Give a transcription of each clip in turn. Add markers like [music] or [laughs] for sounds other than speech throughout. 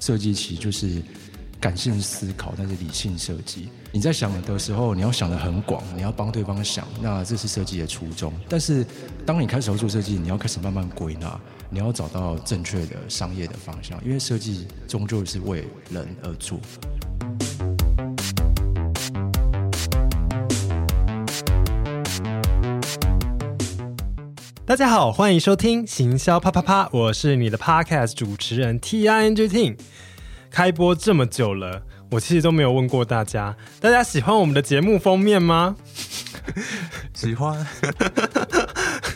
設計其實就是感性思考，但是理性設計。你在想的時候，你要想得很廣，你要幫對方想，那這是設計的初衷。但是當你開始要做設計，你要開始慢慢歸納，你要找到正確的商業的方向，因為設計終究是為人而做。大家好，歡迎收聽《行銷啪啪啪》，我是你的 Podcast 主持人 Ting Ting。開播這麼久了，我其實都沒有問過大家，大家喜歡我們的節目封面嗎？ [laughs] 喜歡。 [laughs]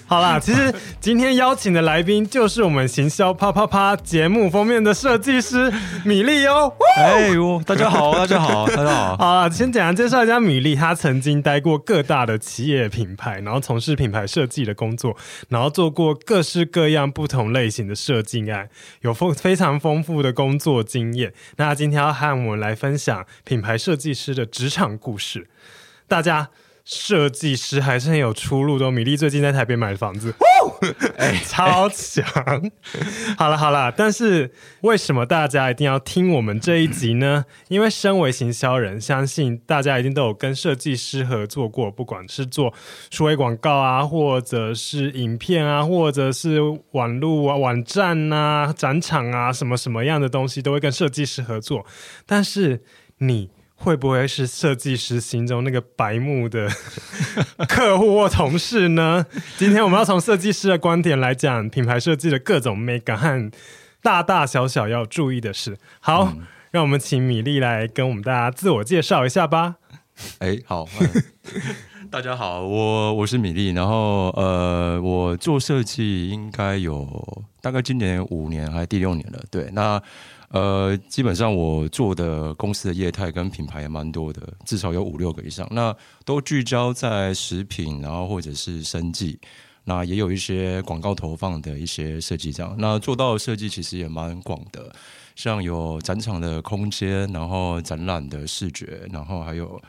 好啦， [laughs] 其實今天邀請的來賓就是我們《行銷啪啪啪，啪》節目封面的設計師米力喲、哦。哎、欸，大家好，大家好，大家好啊！先簡單介紹一下米力，他曾經待過各大的企業品牌，然後從事品牌設計的工作，然後做過各式各樣不同類型的設計案，有豐非常豐富的工作經驗。那今天要和我們來分享品牌設計師的職場故事，大家。設計師還是很有出路的。米力最近在台北買的房子，欸、超強、欸！好了好了，但是為什麼大家一定要聽我們這一集呢？因為身為行銷人，相信大家一定都有跟設計師合作過，不管是做數位廣告啊，或者是影片啊，或者是網路啊、網站啊、展場啊，什麼什麼樣的東西都會跟設計師合作。但是你。會不會是設計師心中那個白目的客戶或同事呢？ [laughs] 今天我們要從設計師的觀點來講品牌設計的各種美感和大大小小要注意的事。好、嗯，讓我們請米力來跟我們大家自我介紹一下吧。哎，好。嗯 [laughs] 大家好，我我是米力，然後呃，我做設計應該有大概今年五年還是第六年了，對，那呃，基本上我做的公司的業態跟品牌也蠻多的，至少有五六個以上，那都聚焦在食品，然後或者是生技，那也有一些廣告投放的一些設計這樣，那做到的設計其實也蠻廣的，像有展場的空間，然後展覽的視覺，然後還有。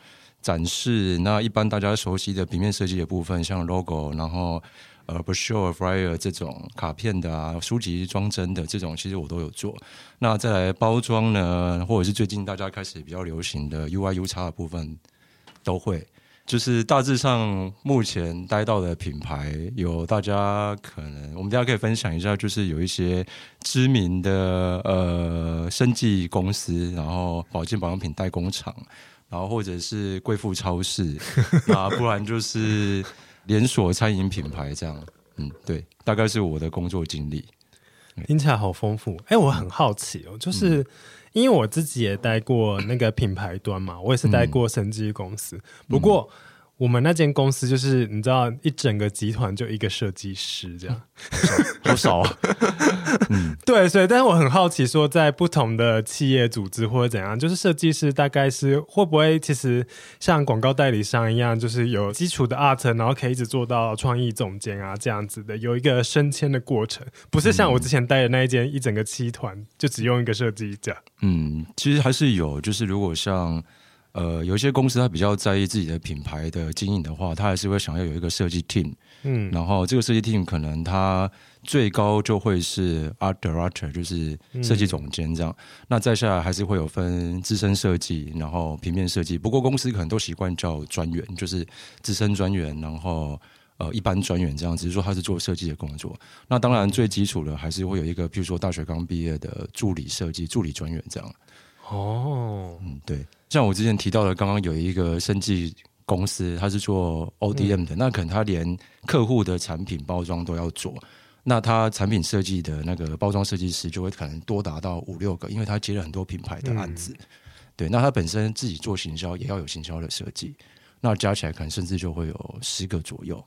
展示。那一般大家熟悉的平面設計的部分，像 logo，然後呃 brochure flyer 這種卡片的啊、書籍裝幀的這種，其實我都有做。那再來包裝呢，或者是最近大家開始比較流行的 UI UX 的部分，都會。就是大致上目前待到的品牌，有大家可能我們大家可以分享一下，就是有一些知名的呃生技公司，然後保健保養品代工廠，然後，或者是貴婦超市 [laughs] 啊，不然就是連鎖餐飲品牌這樣。嗯，對，大概是我的工作經歷、嗯，聽起來好豐富。哎、欸，我很好奇哦、喔，就是因為我自己也待過那個品牌端嘛，嗯、我也是待過生技公司，不過。嗯我們那間公司就是你知道一整個集團就一個設計師這樣，嗯、好少， [laughs] 好少啊、 [laughs] 嗯。對，所以但是我很好奇說，說在不同的企業組織或者怎樣，就是設計師大概是會不會其實像廣告代理商一樣，就是有基礎的 art，然後可以一直做到創意總監啊這樣子的，有一個升遷的過程，不是像我之前待的那間一,一整個集團、嗯、就只用一個設計師這樣。嗯，其實還是有，就是如果像。呃，有一些公司它比較在意自己的品牌的經營的話，它還是會想要有一個設計 team，嗯，然後這個設計 team 可能他最高就會是 art director，就是設計總監這樣，嗯。那再下來還是會有分資深設計，然後平面設計。不過公司可能都習慣叫專員，就是資深專員，然後呃一般專員這樣。只是說他是做設計的工作。那當然最基礎的還是會有一個，譬如說大學剛畢業的助理設計、助理專員這樣。哦、oh.，嗯，對，像我之前提到的，剛剛有一個生技公司，他是做 ODM 的，嗯，那可能他連客戶的產品包裝都要做，那他產品設計的那個包裝設計師就會可能多達到五六個，因為他接了很多品牌的案子，嗯，對，那他本身自己做行銷也要有行銷的設計，那加起來可能甚至就會有十個左右，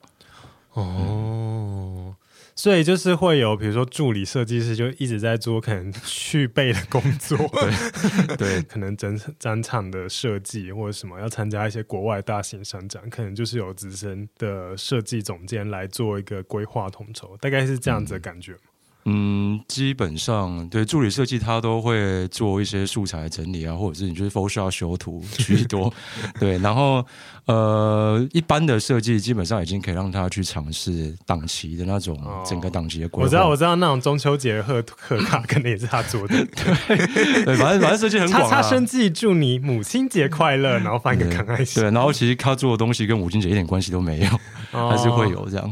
哦、oh. 嗯。所以就是會有，比如說助理設計師就一直在做可能去背的工作 [laughs] 對 [laughs] 對對，對，可能整展場的設計或者什麼，要參加一些國外大型商展，可能就是有資深的設計總監來做一個規劃統籌，大概是這樣子的感覺嗎？嗯嗯，基本上對助理設計，他都會做一些素材的整理啊，或者是你就是 Photoshop 修圖居多。 [laughs] 對，然後呃，一般的設計基本上已經可以讓他去嘗試檔期的那種、哦、整個檔期的規劃。我知道，我知道那種中秋節賀賀卡肯定也是他做的。 [laughs] 對，反正反正設計很廣，啊。他插插聲，祝你母親節快樂，然後放一個康乃馨。對，對，然後其實他做的東西跟母親節一點關係都沒有，哦、還是會有這樣。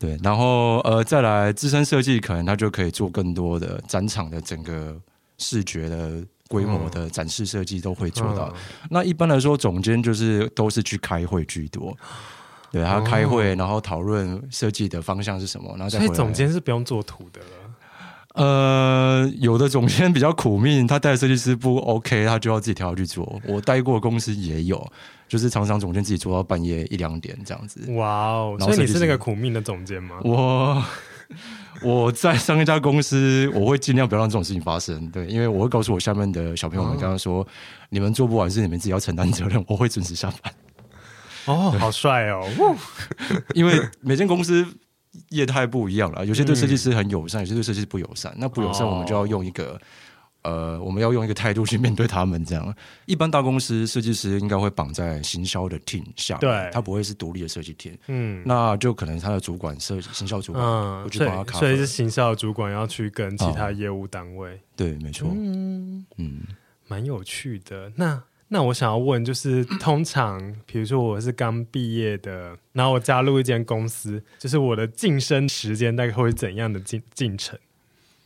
對，然後呃，再來資深設計，可能他就可以做更多的展場的整個視覺的規模的展示設計都會做到。嗯嗯、那一般來說，總監就是都是去開會居多，對他開會、嗯，然後討論設計的方向是什麼，然後再。所以總監是不用做圖的了。呃，有的總監比較苦命，他帶的設計師不 OK，他就要自己挑去做。我待過公司也有。 [laughs] 就是常常總監自己做到半夜一兩點這樣子。哇、wow, 哦！所以你是那個苦命的總監嗎？我我在上一家公司，我會盡量不要讓這種事情發生。對，因為我會告訴我下面的小朋友們說，剛剛說你們做不完事你們自己要承擔責任。我會準時下班。Oh, 哦，好帥哦！ [laughs] 因為每間公司業態不一樣啦，有些對設計師很友善，有些對設計師不友善。那不友善，我們就要用一個。Oh. 呃，我們要用一個態度去面對他們，這樣。一般大公司設計師應該會綁在行銷的 team 下，對，他不會是獨立的設計 team。嗯，那就可能他的主管是行銷主管他，嗯，所以所以是行銷主管要去跟其他業務單位。哦、對，沒錯。嗯嗯，蠻有趣的。那那我想要問，就是、嗯、通常，比如說我是剛畢業的，然後我加入一間公司，就是我的晉升時間大概會怎樣的進進程？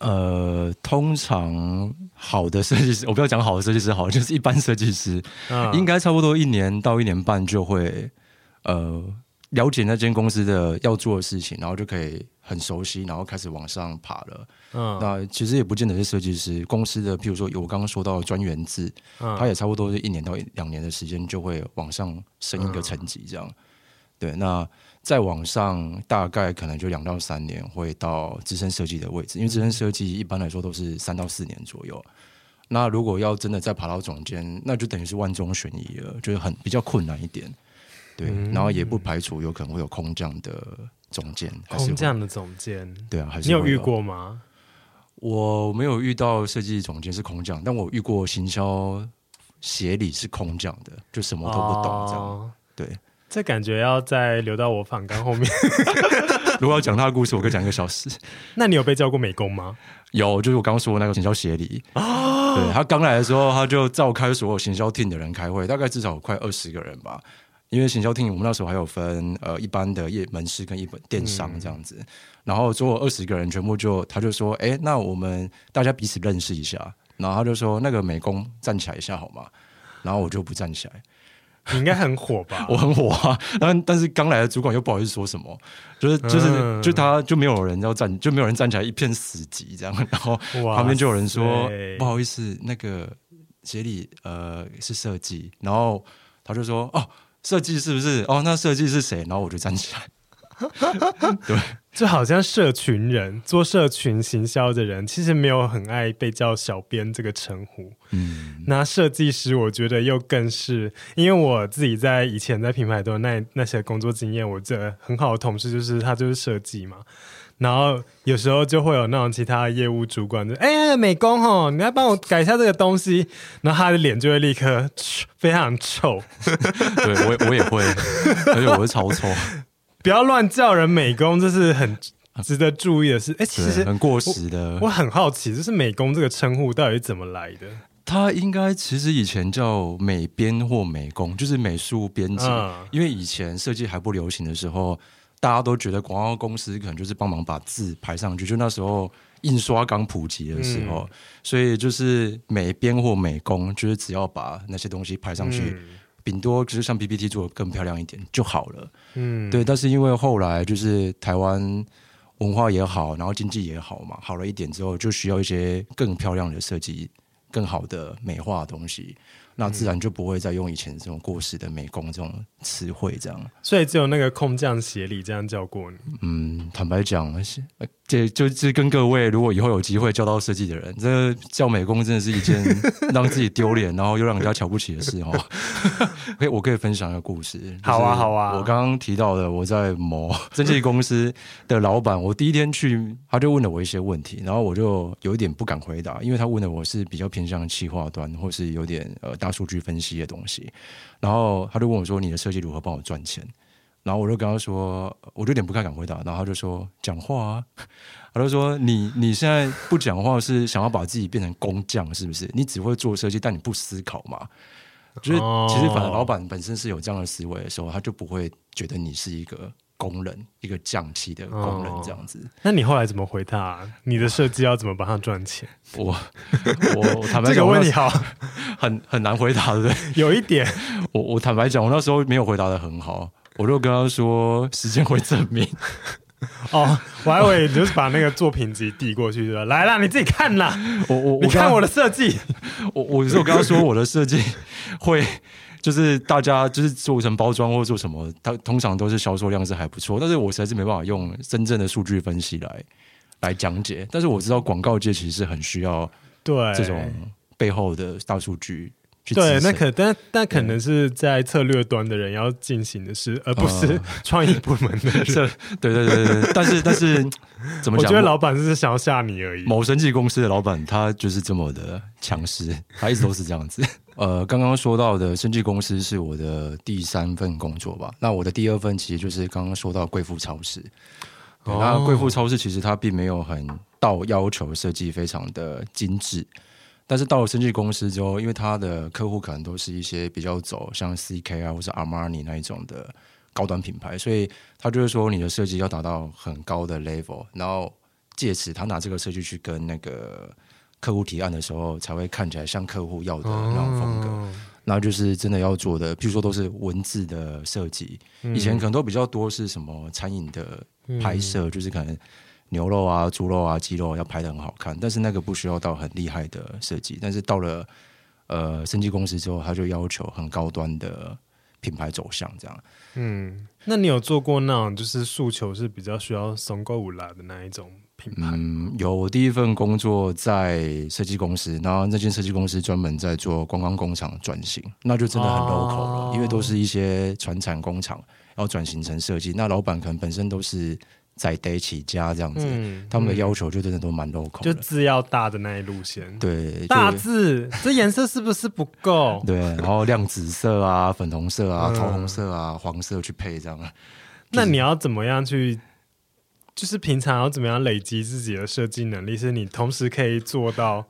呃，通常好的設計師，我不要講好的設計師好，好就是一般設計師，嗯，應該差不多一年到一年半就會，呃，了解那間公司的要做的事情，然後就可以很熟悉，然後開始往上爬了。嗯，那其實也不見得是設計師公司的，譬如說，有我剛剛說到的專員制，嗯，他也差不多是一年到一兩年的時間就會往上升一個層級，這樣，嗯。對，那。再往上，大概可能就兩到三年會到資深設計的位置，因為資深設計一般來說都是三到四年左右。那如果要真的再爬到總監，那就等於是萬中選一了，就是很比較困難一點。對、嗯，然後也不排除有可能會有空降的總監，還是空降的總監，對啊還是，你有遇過嗎？我沒有遇到設計總監是空降，但我遇過行銷協理是空降的，就什麼都不懂、哦、這樣。對。這感覺要再留到我訪綱後面。 [laughs] 如果要講他的故事，我可以講一個小時。 [laughs] 那你有被叫過美工嗎？有，就是我剛剛說的那個行銷協理。啊、哦，對他剛來的時候，他就召開所有行銷廳的人開會，大概至少有快二十個人吧。因為行銷廳我們那時候還有分呃一般的業門市跟一本電商這樣子，嗯、然後所有二十個人全部就他就說，哎，那我們大家彼此認識一下，然後他就說那個美工站起來一下好嗎？然後我就不站起來。你應該很火吧？ [laughs] 我很火啊！但但是剛來的主管又不好意思說什麼，就是就是、嗯、就他就沒有人要站，就沒有人站起來，一片死寂這樣。然後旁邊就有人說：“不好意思，那個鞋裡呃是設計。”然後他就說：“哦，設計是不是？哦，那設計是誰？”然後我就站起來。 [laughs] 對。就好像社群人做社群行銷的人，其實沒有很愛被叫小編這個稱呼。嗯，那設計師我覺得又更是，因為我自己在以前在品牌中那那些工作經驗，我覺得很好的同事就是他就是設計嘛，然後有時候就會有那種其他業務主管就哎、欸、美工吼，你來幫我改一下這個東西，然後他的臉就會立刻非常臭。 [laughs] 對，我我也會， [laughs] 而且我是超臭。不要亂叫人美工，這是很值得注意的事。欸，其實很過時的我。我很好奇，就是美工這個稱呼到底怎麼來的？它應該其實以前叫美編或美工，就是美術編輯，嗯。因為以前設計還不流行的時候，大家都覺得廣告公司可能就是幫忙把字排上去。就那時候印刷剛普及的時候，嗯，所以就是美編或美工，就是只要把那些東西排上去。嗯頂多就是像 PPT 做的更漂亮一點就好了，嗯，對。但是因為後來就是台灣文化也好，然後經濟也好嘛，好了一點之後，就需要一些更漂亮的設計，更好的美化的東西，那自然就不會再用以前這種過時的美工這種詞彙這樣。嗯。所以只有那個空降協理這樣叫過。嗯，坦白講。哎這就是跟各位，如果以後有機會交到設計的人，這叫美工真的是一件讓自己丟臉， [laughs] 然後又讓人家瞧不起的事哦。可以，我可以分享一個故事。好啊，好啊。我剛剛提到的，我在某設計公司的老闆，我第一天去，他就問了我一些問題，然後我就有一點不敢回答，因為他問的我是比較偏向企劃端，或是有點呃大數據分析的東西。然後他就問我說：“你的設計如何幫我賺錢？”然後我就跟他說，我就有點不太敢回答。然後他就說：“講話啊。”他就說：“你你現在不講話是想要把自己變成工匠，是不是？你只會做設計，但你不思考嘛？就是其實，反正老闆本身是有這樣的思維的時候，他就不會覺得你是一個工人，一個匠氣的工人這樣子。哦。那你後來怎麼回答啊？你的設計要怎麼幫他賺錢？我我坦白講這個問題好很很難回答，對不對？有一點，我我坦白講，我那時候沒有回答得很好。”我就跟他說：“時間會證明 [laughs] 。”哦，我還以為你就是把那個作品自己遞過去，對吧？來啦，你自己看啦。我我，我你看我的設計。我我我跟他說我的設計會，就是大家就是做成包裝或做什麼，它通常都是銷售量是還不錯。但是我實在是沒辦法用真正的數據分析來來講解。但是我知道廣告界其實是很需要對這種背後的大數據。對，那可但但可能是在策略端的人要進行的事，而不是創意部門的人。對、呃、 [laughs] 對對對，但是但是 [laughs] 怎麼講？我覺得老板就是想要嚇你而已。某生技公司的老板，他就是這麼的強勢，他一直都是這樣子。 [laughs] 呃，剛剛說到的生技公司是我的第三份工作吧？那我的第二份其實就是剛剛說到貴婦超市。哦，貴婦、那個、超市其實它並沒有很到要求，設計非常的精致。但是到了設計公司之後，因為他的客戶可能都是一些比較走像 CK 啊，或是 Armani 那一種的高端品牌，所以他就是說，你的設計要達到很高的 level，然後借此他拿這個設計去跟那個客戶提案的時候，才會看起來像客戶要的那種風格。那、哦、就是真的要做的，譬如說都是文字的設計，嗯、以前可能都比較多是什麼餐飲的拍攝，嗯、就是可能。牛肉啊，豬肉啊，雞肉要拍得很好看，但是那個不需要到很厲害的設計。但是到了呃，生技公司之後，他就要求很高端的品牌走向這樣。嗯，那你有做過那種就是訴求是比較需要松果烏啦的那一種品牌？嗯，有。我第一份工作在設計公司，然後那間設計公司專門在做觀光工廠轉型，那就真的很 local 了，哦、因為都是一些傳產工廠要轉型成設計，那老板可能本身都是。在地起家這樣子，嗯嗯，他們的要求就真的都蠻 local 的就字要大的那一路線。對，大字 [laughs] 這顏色是不是不夠？對，然後亮紫色啊、 [laughs] 粉紅色啊、桃紅色啊、嗯、黃色去配這樣，就是。那你要怎麼樣去，就是平常要怎麼樣累積自己的設計能力？是你同時可以做到？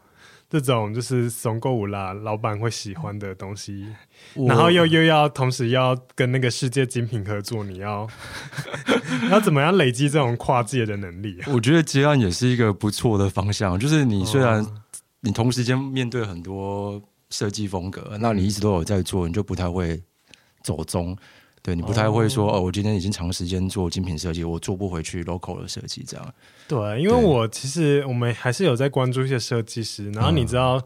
這種就是從購物啦，老闆會喜歡的東西，然後又又要同時要跟那個世界精品合作，你要 [laughs] [laughs] 要怎麼樣累積這種跨界的能力、啊？我覺得接案也是一個不錯的方向，就是你雖然你同時間面對很多設計風格，嗯、那你一直都有在做，你就不太會走鐘。對，你不太會說哦，哦，我今天已經長時間做精品設計，我做不回去 local 的設計這樣。對，因為我其實我們還是有在關注一些設計師，然後你知道，嗯、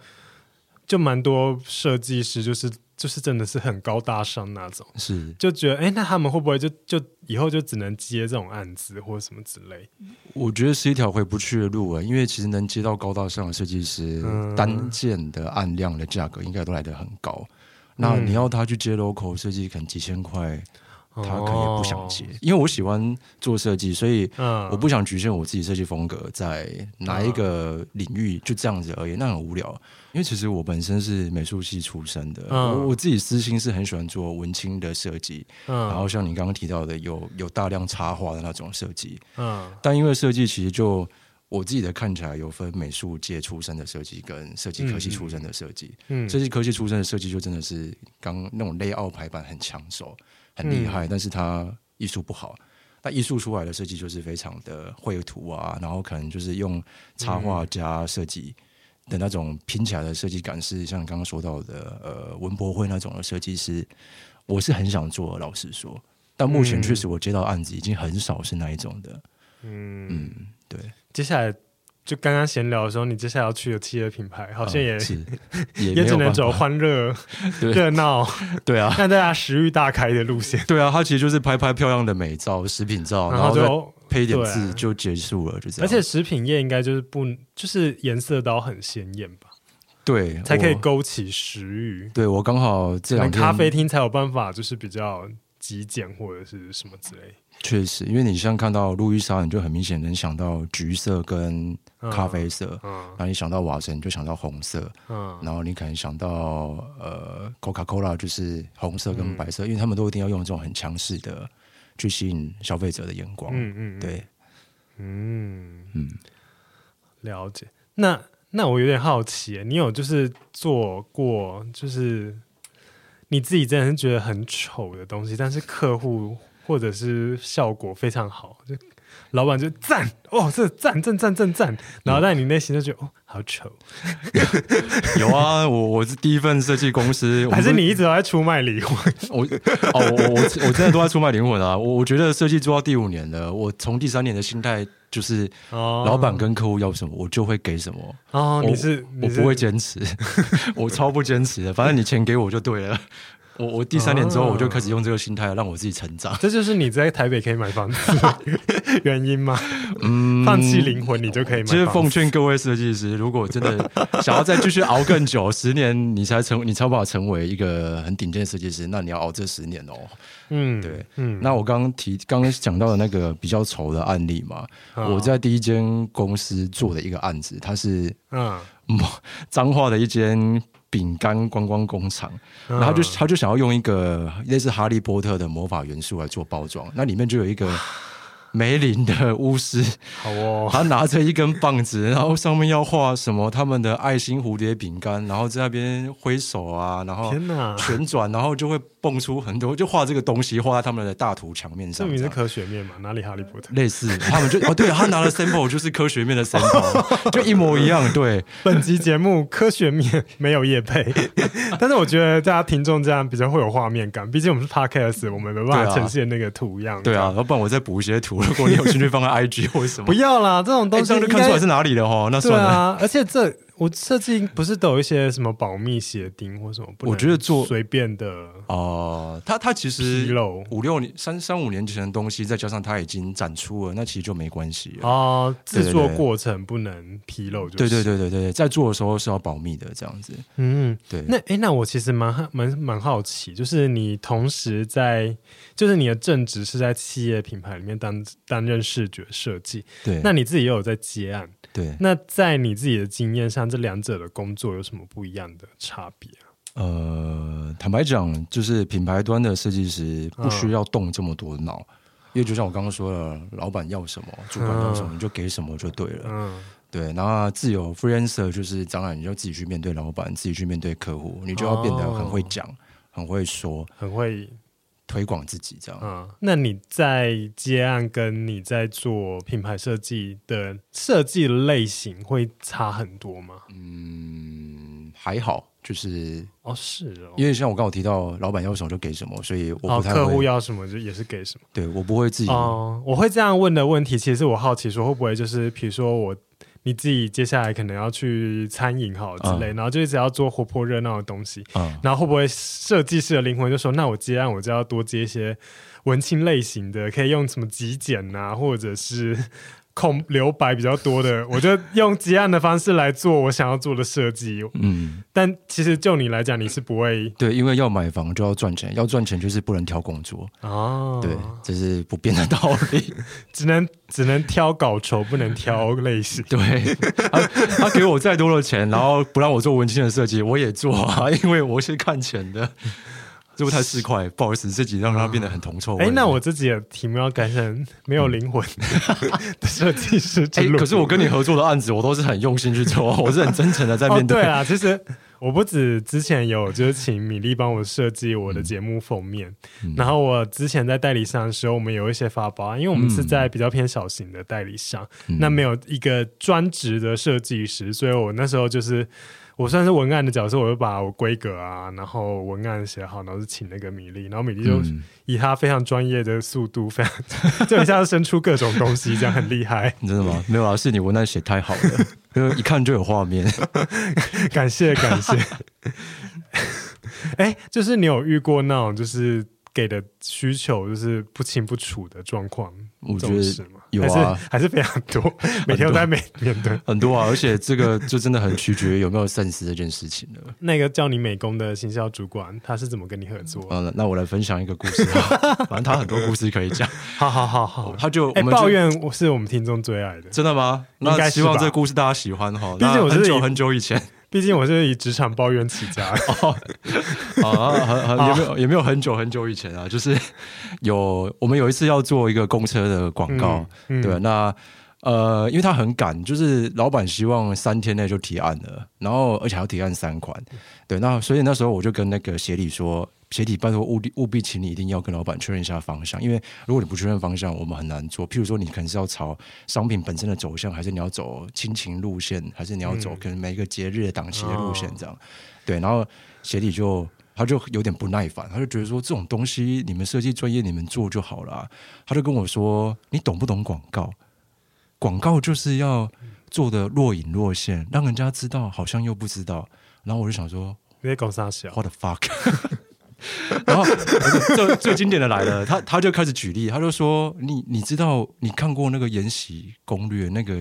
就蠻多設計師就是就是真的是很高大上那種，是就覺得哎，那他們會不會就就以後就只能接這種案子或者什麼之類？我覺得是一條回不去的路啊，欸，因為其實能接到高大上的設計師、嗯、單件的案量的價格，應該都來得很高。那你要他去接 logo 設計，可能幾千塊，他可能也不想接。因為我喜歡做設計，所以我不想局限我自己設計風格在哪一個領域，就這樣子而已，那很無聊。因為其實我本身是美術系出身的，我我自己私心是很喜歡做文青的設計，然後像你剛剛提到的，有有大量插畫的那種設計，嗯，但因為設計其實就。我自己的看起來有分美術界出身的設計跟設計科技出身的設計。嗯。設、嗯、計科技出身的設計就真的是剛那種 layout 排版很搶手，很厲害、嗯，但是他藝術不好。那藝術出來的設計就是非常的繪圖啊，然後可能就是用插畫加設計的那種拼起來的設計感，是像剛剛說到的呃文博會那種的設計師，我是很想做，老實說，但目前確實我接到的案子已經很少是那一種的。嗯，嗯對。接下來，就剛剛閒聊的時候，你接下來要去的企業品牌，好像也、嗯、也， [laughs] 也只能走歡樂熱鬧，對啊，讓大家食欲大開的路線。對啊，它其實就是拍拍漂亮的美照、食品照，然後就配一點字就，對啊，就結束了，就這樣。而且食品業應該就是不就是顏色都很鮮豔吧？對，才可以勾起食欲。我對我剛好這兩天咖啡廳才有辦法，就是比較極簡或者是什麼之類。確實，因為你像看到路易莎，你就很明顯能想到橘色跟咖啡色，嗯嗯、然後你想到瓦神就想到紅色，嗯，然後你可能想到呃、Coca-Cola 就是紅色跟白色，嗯，因為他們都一定要用這種很強勢的去吸引消費者的眼光，嗯嗯、對，嗯嗯，了解。那那我有點好奇，你有就是做過就是，你自己真的是覺得很醜的東西，但是客戶或者是效果非常好，就老闆就讚，哦，這讚，讚讚，讚讚，然後在你內心就覺得，嗯、哦，好醜。 [laughs] 有啊，我我是第一份設計公司，還是你一直都在出賣靈魂？ [laughs] 我哦，我我我真的都在出賣靈魂啊！我我覺得設計做到第五年了，我從第三年的心態。就是老闆跟客戶要什麼，我就會給什麼，oh, 你。你是我不會堅持， [laughs] [laughs] 我超不堅持的。反正你錢給我就對了。我我第三年之後，我就開始用這個心態讓我自己成長，oh,。 [laughs] 這就是你在台北可以買房子的原因 [laughs] 原因嗎？嗯，放棄靈魂你就可以買、哦。其實奉勸各位設計師，如果真的想要再繼續熬更久 [laughs] 十年，你才成，你才不好成為一個很頂尖的設計師。那你要熬這十年哦。嗯，對，嗯，那我剛剛提，剛剛講到的那個比較醜的案例嘛，我在第一間公司做的一個案子，它是嗯，彰化的一間餅乾觀光工廠，嗯、然後他就他就想要用一個類似哈利波特的魔法元素來做包裝，那裡面就有一個梅林的巫師，好哦，他拿着一根棒子，然後上面要畫什麼他們的愛心蝴蝶餅乾，然後在那邊揮手啊，然後旋轉，天哪，然後就會。蹦出很多就畫這個東西，畫在他們的大圖牆面上。這你是科學面嘛？哪裡哈利波特？類似他們就 [laughs] 哦，對他拿了 sample 就是科學面的 sample， [laughs] 就一模一樣。對，本集節目科學面沒有業配 [laughs] 但是我覺得大家聽眾這樣比較會有畫面感。畢竟我們是 podcast，我們沒辦法呈現那個圖一樣。對啊，老闆，啊、不然我再補一些圖。如果你有興趣，放在 IG 或什麼？不要啦，這種東西、欸、就是、看、看出來是哪裡的哦。那算了。啊、而且這。我設計不是都有一些什麼保密協定或什麼？不能我覺得做隨便的哦。他、呃、他其實披露五六年，三三五年之前的東西，再加上他已經展出了，那其實就沒關係哦，制作過程不能披露，就是，對對對對對，在做的時候是要保密的，這樣子。嗯，對。那哎、欸，那我其實蠻蠻蠻好奇，就是你同時在，就是你的正職是在企業品牌裡面擔擔任視覺設計，對。那你自己也有在接案，對。那在你自己的經驗上。這兩者的工作有什麼不一樣的差別、啊、呃，坦白講，就是品牌端的設計師不需要動這麼多腦、嗯，因為就像我剛剛說了，老板要什麼，主管要什麼，嗯、你就給什麼就對了。嗯、對，然後自由 [laughs] freelancer 就是將來你就自己去面對老板，自己去面對客戶，你就要變得很會講，很會說，很會。推廣自己這樣啊？那你在接案跟你在做品牌設計的設計類型會差很多嗎？嗯，還好，就是哦，是哦，因為像我剛有提到，老闆要什麼就給什麼，所以我不太、哦、客戶要什麼就也是給什麼。對，我不會自己，哦，我會這樣問的問題，其實我好奇說，會不會就是比如說我。你自己接下來可能要去餐飲好之類，uh, 然後就是只要做活潑熱鬧的東西，uh, 然後會不會設計師的靈魂就說，那我接案我就要多接一些文青類型的，可以用什麼極簡啊，或者是。空留白比較多的，我就用極暗的方式來做我想要做的設計。嗯，但其實就你來講，你是不會。對，因為要買房就要賺錢，要賺錢就是不能挑工作啊。對，這是不變的道理，只能只能挑稿酬，不能挑類型。對，他，他給我再多的錢，然後不讓我做文青的設計，我也做啊，因為我是看錢的。這不太市儈，不好意思，自己讓它變得很銅臭、欸。哎、欸，那我自己的題目要改成沒有靈魂的設計師之路、嗯 [laughs] 欸。可是我跟你合作的案子，我都是很用心去做， [laughs] 我是很真誠的在面對、哦。對啊，其實我不止之前有，就是請米力幫我設計我的節目封面。嗯、然後我之前在代理商的時候，我們有一些發包，因為我們是在比較偏小型的代理商、嗯，那沒有一個專職的設計師，所以我那時候就是。我算是文案的角色，我就把我規格啊，然後文案寫好，然後就請那個米力，然後米力就以他非常專業的速度，非常、嗯、 [laughs] 就一下子生出各種東西， [laughs] 這樣很厲害。你真的嗎？沒有啊，是你文案寫太好了，因 [laughs] 為一看就有畫面 [laughs] 感。感謝感謝。哎、 [laughs] 欸，就是你有遇過那種就是給的需求就是不清不楚的狀況，我覺得有啊，嗎還是啊，還是非常多，每天都在面對很多啊。而且這個就真的很取決有沒有 sense 這件事情， [laughs] 那個叫你美工的行銷主管，他是怎麼跟你合作、啊那？那我來分享一個故事啊， [laughs] 反正他很多故事可以講。好好好好，他就、欸、我們就抱怨我是我們聽眾最愛的，真的嗎？應該那希望這個故事大家喜歡哈、就是。那很久很久以前 [laughs] 畢竟我是以職場抱怨起家的、 [laughs] 哦，啊，很很也沒有？也沒有很久很久以前啊？就是有我們有一次要做一個公車的廣告，嗯嗯、對吧？那。呃，因為他很趕，就是老板希望三天內就提案了，然後而且還要提案三款。對，那所以那時候我就跟那個協理說：“協理，拜託務必務必，請你一定要跟老板確認一下方向，因為如果你不確認方向，我們很難做。譬如說，你可能是要朝商品本身的走向，還是你要走親情路線，還是你要走可能每一個節日的檔期的路線這樣？嗯哦、對，然後協理就他就有點不耐煩，他就覺得說，這種東西你們設計專業你們做就好了、啊。他就跟我說：你懂不懂廣告？廣告就是要做的若隱若現，嗯，讓人家知道好像又不知道。然後我就想說，你在搞啥事 What the fuck？ [laughs] [laughs] 然後最 [laughs] 最經典的來了， [laughs] 他他就開始舉例，他就說：“你你知道你看過那個《延禧攻略》那個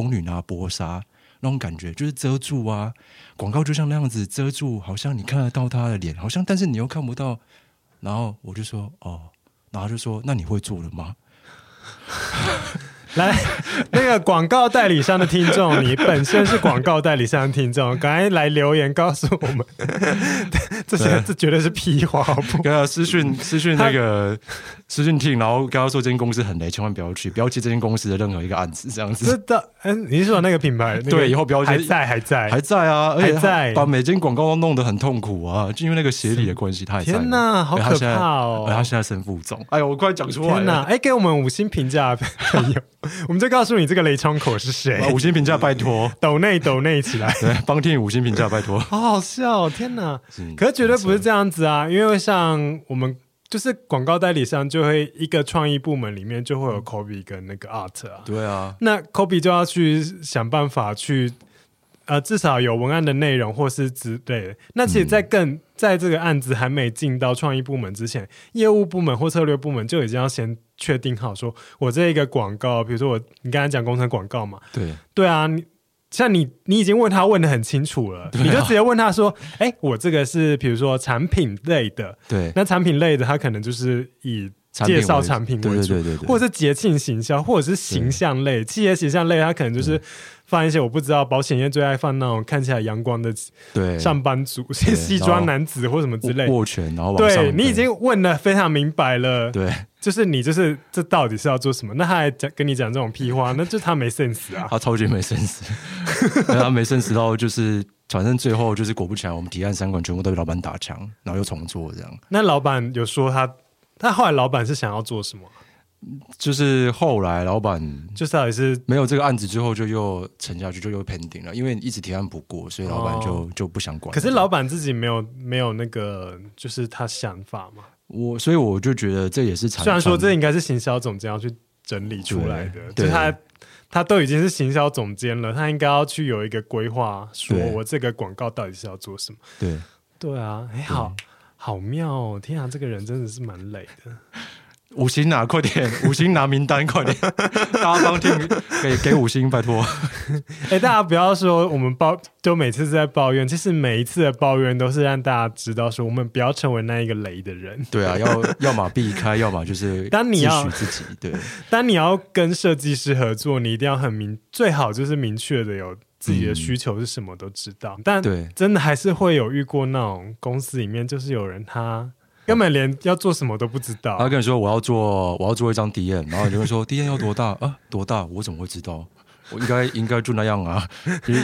宮女拿薄紗那種感覺，就是遮住啊，廣告就像那樣子遮住，好像你看得到她的臉，好像但是你又看不到。”然後我就說：“哦。”然後就說：“那你會做了嗎？” [laughs] 來，那個廣告代理商的聽眾， [laughs] 你本身是廣告代理商的聽眾，趕快來留言告訴我們。 [laughs] 這些這絕對是屁話，好不跟他私訊私訊那個私訊聽，然後跟他說這間公司很雷，千萬不要去，不要接這間公司的任何一個案子，這樣子。真的？哎、欸，你說的那個品牌，那個、對，以後不要接。在還在還在，還在啊，而且還在，把每間廣告都弄得很痛苦啊，就因為那個協理的關係，太在。天哪，好可怕哦！他現在升副總，哎呦，我快講出來了。哎，給我們五星評價，哎呦，我們就告訴你這個雷窗口是誰？啊、五星評價，拜託，抖 [laughs] 內抖內起來對，幫聽五星評價，拜託。好好笑、哦，天哪！可。絕對不是這樣子啊！因為像我們就是廣告代理商，就會一個創意部門裡面就會有 Kobe 跟那個 Art 啊。對啊，那 Kobe 就要去想辦法去，呃，至少有文案的內容或是之類的。那其實，在更、嗯、在這個案子還沒進到創意部門之前，業務部門或策略部門就已經要先確定好，說我這一個廣告，比如說我你剛才講工程廣告嘛，對對啊像你，你已經問他問的很清楚了、啊，你就直接問他說：“哎、欸，我這個是比如說產品類的，對，那產品類的他可能就是以介紹產,產品為主，對對對對，或者是節慶形象，或者是形象類，企業形象類，他可能就是放一些我不知道保險業最愛放那種看起來陽光的上班族、西裝男子或什麼之類的。握拳，對，你已經問的非常明白了，對。”就是你，就是這到底是要做什麼？那他還講跟你講這種屁話，那就他沒 sense 啊！他超級沒 sense， [laughs] 他沒 sense 到，就是反正最後就是果不其然，我們提案三管全部都被老板打槍，然後又重做這樣。那老板有說他，他後來老板是想要做什麼？就是後來老板就是還是沒有這個案子，之後就又沉下去，就又 pending 了，因為你一直提案不過，所以老板就、哦、就不想管。可是老板自己沒有沒有那個，就是他想法嘛。我所以我就覺得這也是，雖然說這應該是行銷總監要去整理出來的，對，就他對他都已經是行銷總監了，他應該要去有一個規劃，說我這個廣告到底是要做什麼？對對，對啊，哎，好好妙哦！天啊，這個人真的是蠻累的。 [laughs] 五星拿、啊、快點！五星拿名單，快點！ [laughs] 大家幫聽，給給五星，拜託！哎、欸，大家不要說我們抱，就每次在抱怨，其實每一次的抱怨都是讓大家知道，說我們不要成為那一個雷的人。對啊，要要麼避開， [laughs] 要麼就是自己當你要自己對，當你要跟設計師合作，你一定要很明，最好就是明確的有自己的需求是什麼，都知道、嗯。但真的還是會有遇過那種公司裡面，就是有人他。哦、根本連要做什麼都不知道。他跟你說，我要做，我要做一張 DM，然後我就跟說 DM 要多大。 [laughs] 啊？多大？我怎麼會知道？我應該應該就那樣啊，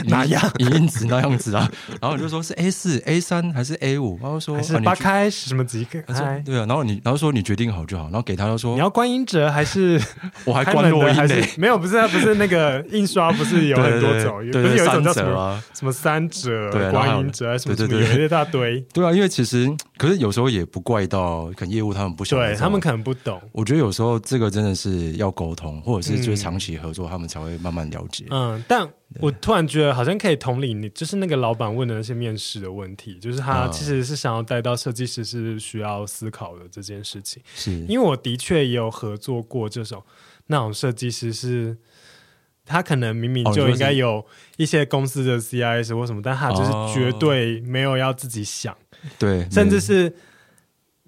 哪樣？影樣子那樣子啊。然後你就說是 A 四、A 三還是 A 五？然後說八開是 8K,、啊、什麼幾個、Hi. 對啊。然後你然後說你決定好就好。然後給他說你要觀音折還是？我 [laughs] 還關多一沒沒有不是他不是那個印刷不是有很多種 [laughs] 對對對對不是有什麼叫什麼者什麼三折對觀音折還是什麼對對對對對對一大堆對啊，因為其實可是有時候也不怪到可能業務他們不曉對他們可能不懂。我覺得有時候這個真的是要溝通，或者是就是長期合作，嗯、他們才會慢慢。了解，嗯，但我突然覺得好像可以同理。你，就是那個老闆問的那些面試的問題，就是他其實是想要帶到設計師是需要思考的這件事情，是因為我的確也有合作過這種那種設計師是，是他可能明明就應該有一些公司的 CIS 或什麼，但他就是絕對沒有要自己想，對、哦，甚至是。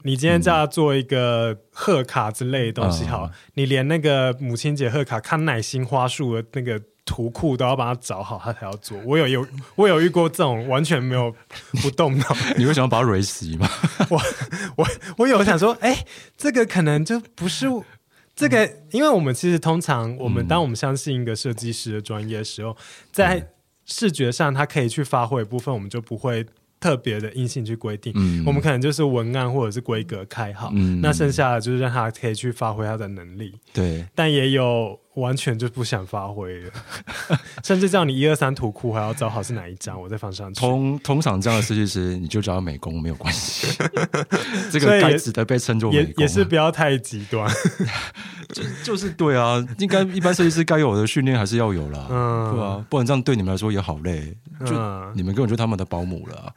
你今天叫他做一個賀卡之類的東西好，好、嗯，你連那個母親節賀卡康乃馨花束的那個圖庫都要幫他找好，他才要做。我有有我有遇過這種完全沒有不動腦。你會想要把它蕊洗嗎？我我我有想說，哎、欸，這個可能就不是這個、嗯，因為我們其實通常我們當我們相信一個設計師的專業的時候，在視覺上他可以去發揮的部分，我們就不會。特別的硬性去規定，嗯，我們可能就是文案或者是規格開好，嗯，那剩下的就是讓他可以去發揮他的能力。對，但也有。完全就不想發揮了， [laughs] 甚至叫你一二三圖庫還要找好是哪一張，我再放上去 [laughs] 通。通通常這樣的設計師，你就找到美工沒有關係 [laughs] 所以， [laughs] 這個該值得被稱作美工、啊、也也是不要太極端 [laughs] [laughs] 就，就就是對啊，應該一般設計師該有的訓練還是要有啦、嗯啊，不然這樣對你們來說也好累，就你們根本就他們的保姆了、啊。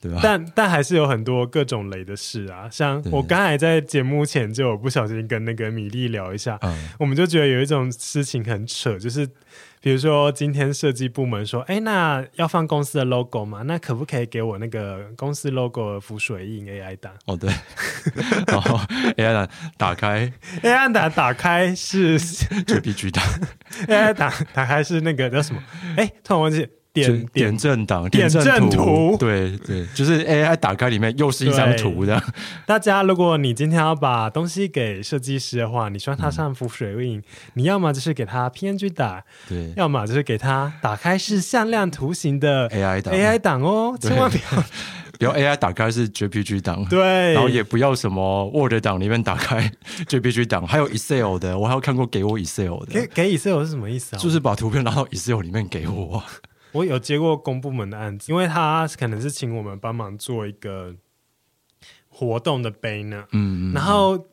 對，但但還是有很多各種雷的事啊，像我剛才在節目前就有不小心跟那個米力聊一下，嗯，我們就覺得有一種事情很扯，就是比如說今天設計部門說，哎，欸，那要放公司的 logo 嗎？那可不可以給我那個公司 logo 的浮水印 AI 檔哦？對，然後 [laughs] AI 檔打開 [laughs] ，AI 檔打開是絕壁巨大，AI 檔打開是那個叫什麼？哎，欸，突然忘記。點點，點陣檔點，點陣圖，對對，就是 AI 打開裡面又是一張圖的。大家，如果你今天要把東西給設計師的話，你傳他上浮水印、嗯，你要麼就是給他 PNG 打，對；要麼就是給他打開是向量圖形的 AI 檔、喔、，AI 檔哦，千萬不要不要 AI 打開是 JPG 檔，對。然後也不要什麼 Word 檔裡面打開 JPG 檔，還有 Excel 的，我還有看過給我 Excel 的，給給 Excel 是什麼意思啊、哦？就是把圖片拿到 Excel 裡面給我。我有接過公部門的案子，因為他可能是請我們幫忙做一個活動的 banner，嗯，然後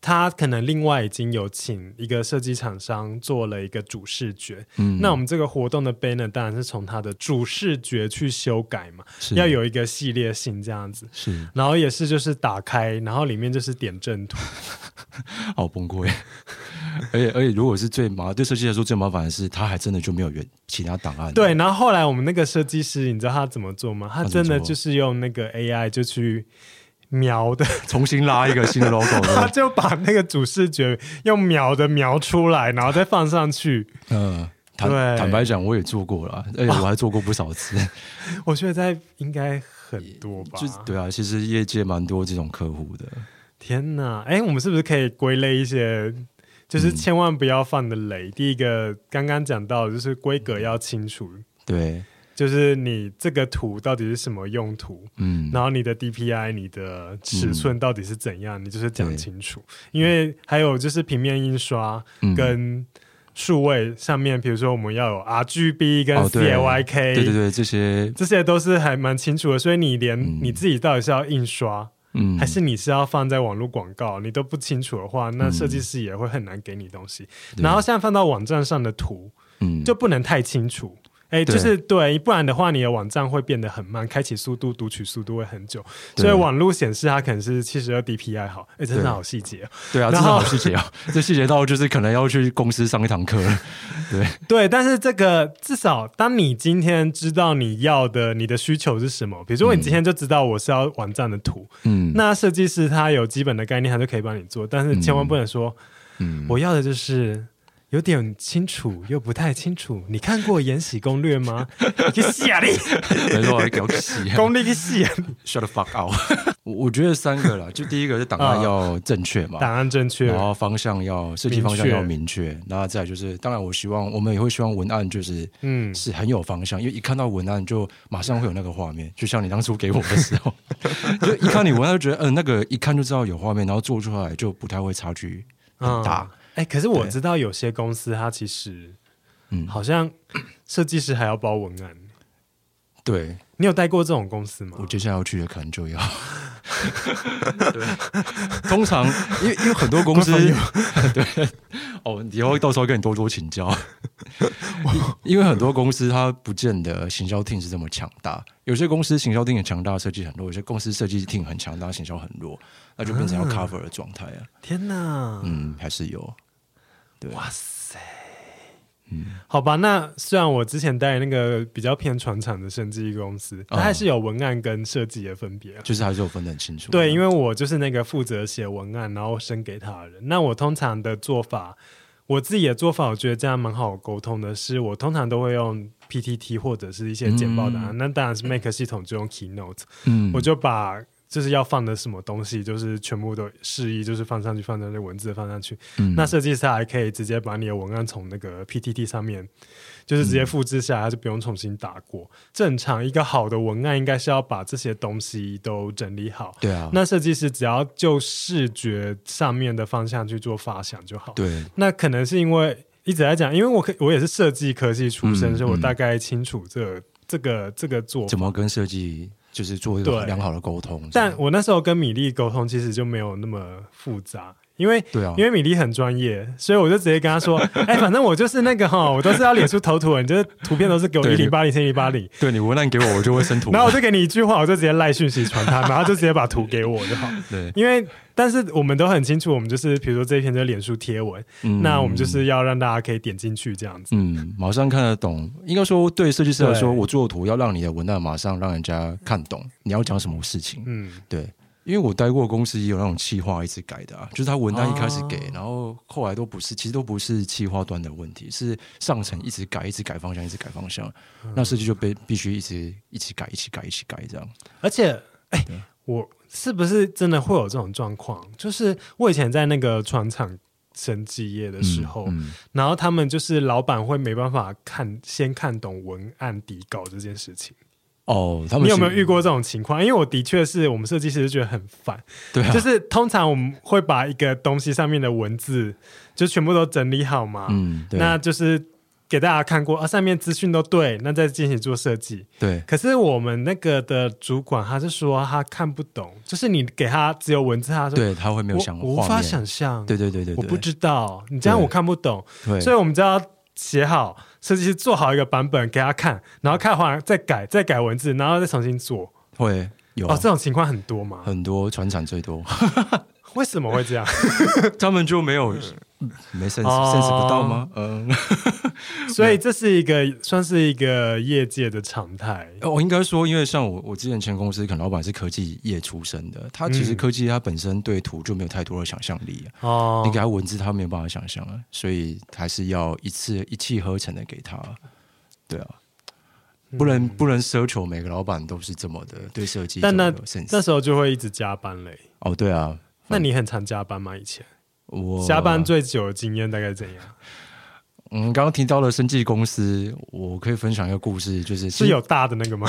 他可能另外已經有請一個設計廠商做了一個主視覺，嗯，那我們這個活動的 banner 當然是從他的主視覺去修改嘛，是要有一個系列性這樣子，是，然後也是就是打開，然後裡面就是點陣圖， [laughs] 好崩潰。而且而且，而且如果是最麻對設計師來說最麻煩的是，他還真的就沒有原其他檔案。對，然後後來我們那個設計師，你知道他怎麼做嗎？他真的就是用那個 AI 就去描的，重新拉一個新的 logo。他就把那個主視覺用描的描出來，然後再放上去。嗯，坦,坦白講，我也做過了，而、哎、且我還做過不少次。我覺得在應該很多吧？就對啊，其實業界蠻多這種客戶的。天哪，哎，我們是不是可以歸類一些？就是千萬不要放的雷。嗯、第一個，剛剛講到的就是規格要清楚，對，就是你這個圖到底是什麼用途，嗯，然後你的 DPI、你的尺寸到底是怎樣，嗯、你就是講清楚。因為還有就是平面印刷跟數位上面、嗯，比如說我們要有 RGB 跟 CMYK，哦、對，對對對，這些這些都是還蠻清楚的。所以你連你自己到底是要印刷，還是你是要放在網絡廣告你都不清楚的話，那設計師也會很難給你東西。然後像放到網站上的圖，就不能太清楚。哎、欸，就是對，不然的話，你的網站會變得很慢，開啟速度、讀取速度會很久。所以網路顯示它可能是七十二 DPI 好，哎、欸，真是好細節。對啊，真是好細節哦。啊、這，細節哦 [laughs] 這細節到就是可能要去公司上一堂課。對對，但是這個至少，當你今天知道你要的、你的需求是什麼，比如說如果你今天就知道我是要網站的圖，嗯，那設計師他有基本的概念，他就可以幫你做。但是千萬不能說，嗯，我要的就是。有點清楚又不太清楚。你看過《延禧攻略》嗎？ [laughs] 你去死啊， [laughs] [laughs] 去死啊，我要覺得三個了，就第一個是檔案要正確嘛，啊，檔案正確，然後方向要設計方向要明確，然後再就是，當然我希望我們也會希望文案就是，嗯，是很有方向，因為一看到文案就馬上會有那個畫面，就像你當初給我的時候， [laughs] 就一看你文案就覺得，嗯、呃，那個一看就知道有畫面，然後做出來就不太會差距很大嗯。哎、欸，可是我知道有些公司，它其實，嗯，好像設計師還要包文案、嗯。對，你有帶過這種公司嗎？我接下來要去的可能就要。 [laughs] 對，通常因為因為很多公司， [laughs] 對，哦，以後到時候跟你多多請教。 [laughs] 因為很多公司它不見得行銷 team 是這麼強大，有些公司行銷 team 很強大，設計很弱；有些公司設計 team 很強大，行銷很弱，那就變成要 cover 的狀態啊！嗯、天哪，嗯，還是有。哇塞，嗯，好吧，那雖然我之前待那個比較偏傳統的設計公司，哦，它還是有文案跟設計的分別，啊，就是還是有分的很清楚。對，因為我就是那個負責寫文案，然後送給他的人。那我通常的做法，我自己的做法，我覺得這樣蠻好溝通的是，是我通常都會用 PPT 或者是一些簡報檔案，嗯，那當然是 Mac 系統就用 Keynote，嗯，我就把。就是要放的什麼東西，就是全部都示意，就是放上去，放上去，文字放上去。嗯，那設計師還可以直接把你的文案從那個 PPT 上面，就是直接複製下來，嗯、他就不用重新打過。正常一個好的文案應該是要把這些東西都整理好。對啊，那設計師只要就視覺上面的方向去做發想就好。對，那可能是因為一直在講，因為我可我也是設計科系出身、嗯，所以我大概清楚這、嗯、這個這個做怎麼跟設計。就是做一個良好的溝通，但我那時候跟米力溝通，其實就沒有那麼複雜。因為對啊，因為米力很專業，所以我就直接跟他說：“哎、 [laughs] 欸，反正我就是那個哈，我都是要臉書投圖， [laughs] 你就是圖片都是給我1080乘1080。對，對你文案給我，我就會生圖。 [laughs] 然後我就給你一句話，我就直接賴訊息傳他，然後就直接把圖給我就好。 [laughs] 對，因為但是我們都很清楚，我們就是比如說這一篇的臉書貼文、嗯，那我們就是要讓大家可以點進去這樣子，嗯，馬上看得懂。應該說對設計師來說，我做圖要讓你的文案馬上讓人家看懂、嗯、你要講什麼事情，嗯，對。”因為我待過公司也有那種企劃一直改的啊，就是他文案一開始給，啊、然後後來都不是，其實都不是企劃端的問題，是上層一直改、一直改方向、一直改方向，嗯、那設計就被必須一直、一直改、一直改、一直改這樣。而且、欸嗯，我是不是真的會有這種狀況？就是我以前在那個船廠生機業的時候、嗯嗯，然後他們就是老闆會沒辦法看，先看懂文案底稿這件事情。哦，你有沒有遇過這種情況？因為我的確是我們設計師覺得很煩，對啊，就是通常我們會把一個東西上面的文字就全部都整理好嘛，嗯對，那就是給大家看過，啊，上面資訊都對，那再進行做設計，對。可是我們那個的主管，他是說他看不懂，就是你給他只有文字，他說對，他會沒有想法，我無法想象，對，對對對對，我不知道，你這樣我看不懂，所以我們就要寫好。設計師做好一個版本給他看，然後看完再改，再改文字，然後再重新做。會有哦，這種情況很多嗎？很多傳產最多。 [laughs] 為什麼會這樣？ [laughs] 他們就沒有。 [laughs] 沒 sense，sense 不到嗎？嗯，所以這是一個 [laughs] 算是一個業界的常態。哦，我應該說，因為像我，我之前前公司，可能老闆是科技業出身的，他其實科技、嗯、他本身對圖就沒有太多的想象力、啊。哦、oh.，你給他文字，他沒有辦法想象啊，所以還是要一次一氣呵成的給他。對啊，不能、嗯、不能奢求每個老闆都是這麼的對設計有 sense。但那那時候就會一直加班嘞。哦，對啊，那你很常加班嗎？以前？我加班最久的經驗大概怎樣？嗯，剛剛提到了生技公司，我可以分享一個故事，就是是有大的那個嗎？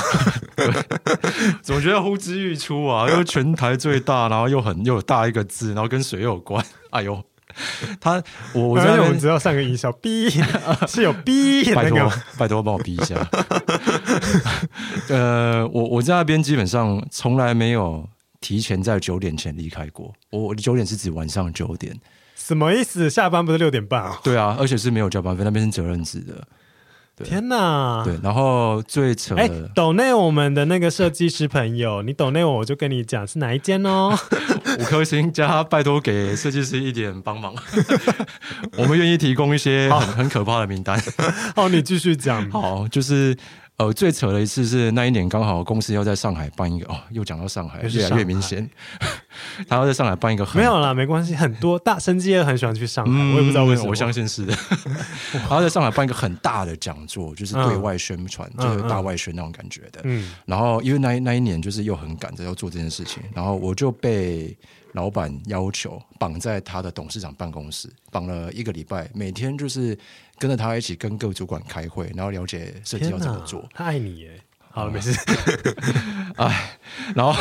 總 [laughs] 對 [laughs] 覺得呼之欲出啊，因 [laughs] 為全台最大，然後又很又有大一個字，然後跟水有關。哎呦，他我我覺得我們只要上個音效，嗶，是有嗶。拜託拜託幫我嗶一下。 [laughs] 呃，我我在那邊基本上從來沒有。提前在九點前離開過，我九點是指晚上九點，什麼意思？下班不是六點半啊、哦？對啊，而且是沒有加班費，那邊是責任制的對、啊。天哪！對，然後最扯哎，欸、抖內我們的那個設計師朋友， [laughs] 你抖內我，我就跟你講是哪一間哦，五顆星加，拜托給設計師一點幫忙， [laughs] 我們願意提供一些很,很可怕的名單。 [laughs] 好，你繼續講，好，就是。呃，最扯的一次是那一年，剛好公司要在上海辦一個哦，又講到上海，上海，越來越明顯。 [laughs] 他要在上海辦一個，沒有啦，沒關係，很多大神級也很喜歡去上海、嗯，我也不知道為什麼，我相信是的。 [laughs] 他要在上海辦一個很大的講座，就是對外宣傳，嗯、就是大外宣那種感覺的。嗯，嗯，然後因為那那一年就是又很趕著要做這件事情，然後我就被。老闆要求綁在他的董事長辦公室，綁了一個禮拜，每天就是跟着他一起跟各主管開會，然後了解設計要怎麼做。他愛你耶。好了，沒事。啊、 [laughs] 哎，然後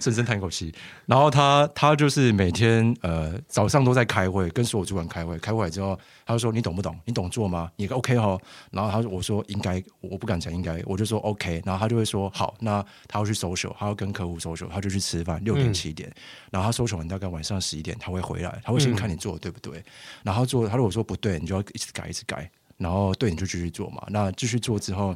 深深嘆一口氣。然後他他就是每天呃早上都在開會，跟所有主管開會。開會之後，他就說：“你懂不懂？你懂做嗎？你 OK 吼。”然後他說：“我說應該，我不敢講應該，我就說 OK。”然後他就會說：“好，那他要去 social，他要跟客戶 social，他就去吃飯，六點七點、嗯。然後他 social，完，大概晚上十一點，他會回來。他會先看你做的、嗯、對不對。然後他做，他如果說不對，你就要一直改，一直改。然後對，你就繼續做嘛。那繼續做之後。”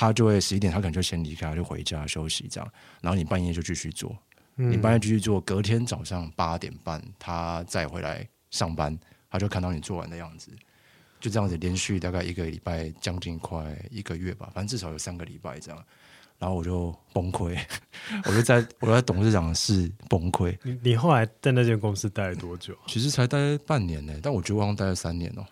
他就會十一點，他可能就先離開，就回家休息這樣。然後你半夜就繼續做、嗯，你半夜繼續做，隔天早上八點半他再回來上班，他就看到你做完的樣子，就這樣子連續大概一個禮拜，將近快一個月吧，反正至少有三個禮拜這樣。然後我就崩潰，我就在我就在董事長室崩潰。你你後來在那間公司待了多久、啊？其實才待半年呢、欸，但我覺得我好像待了三年哦。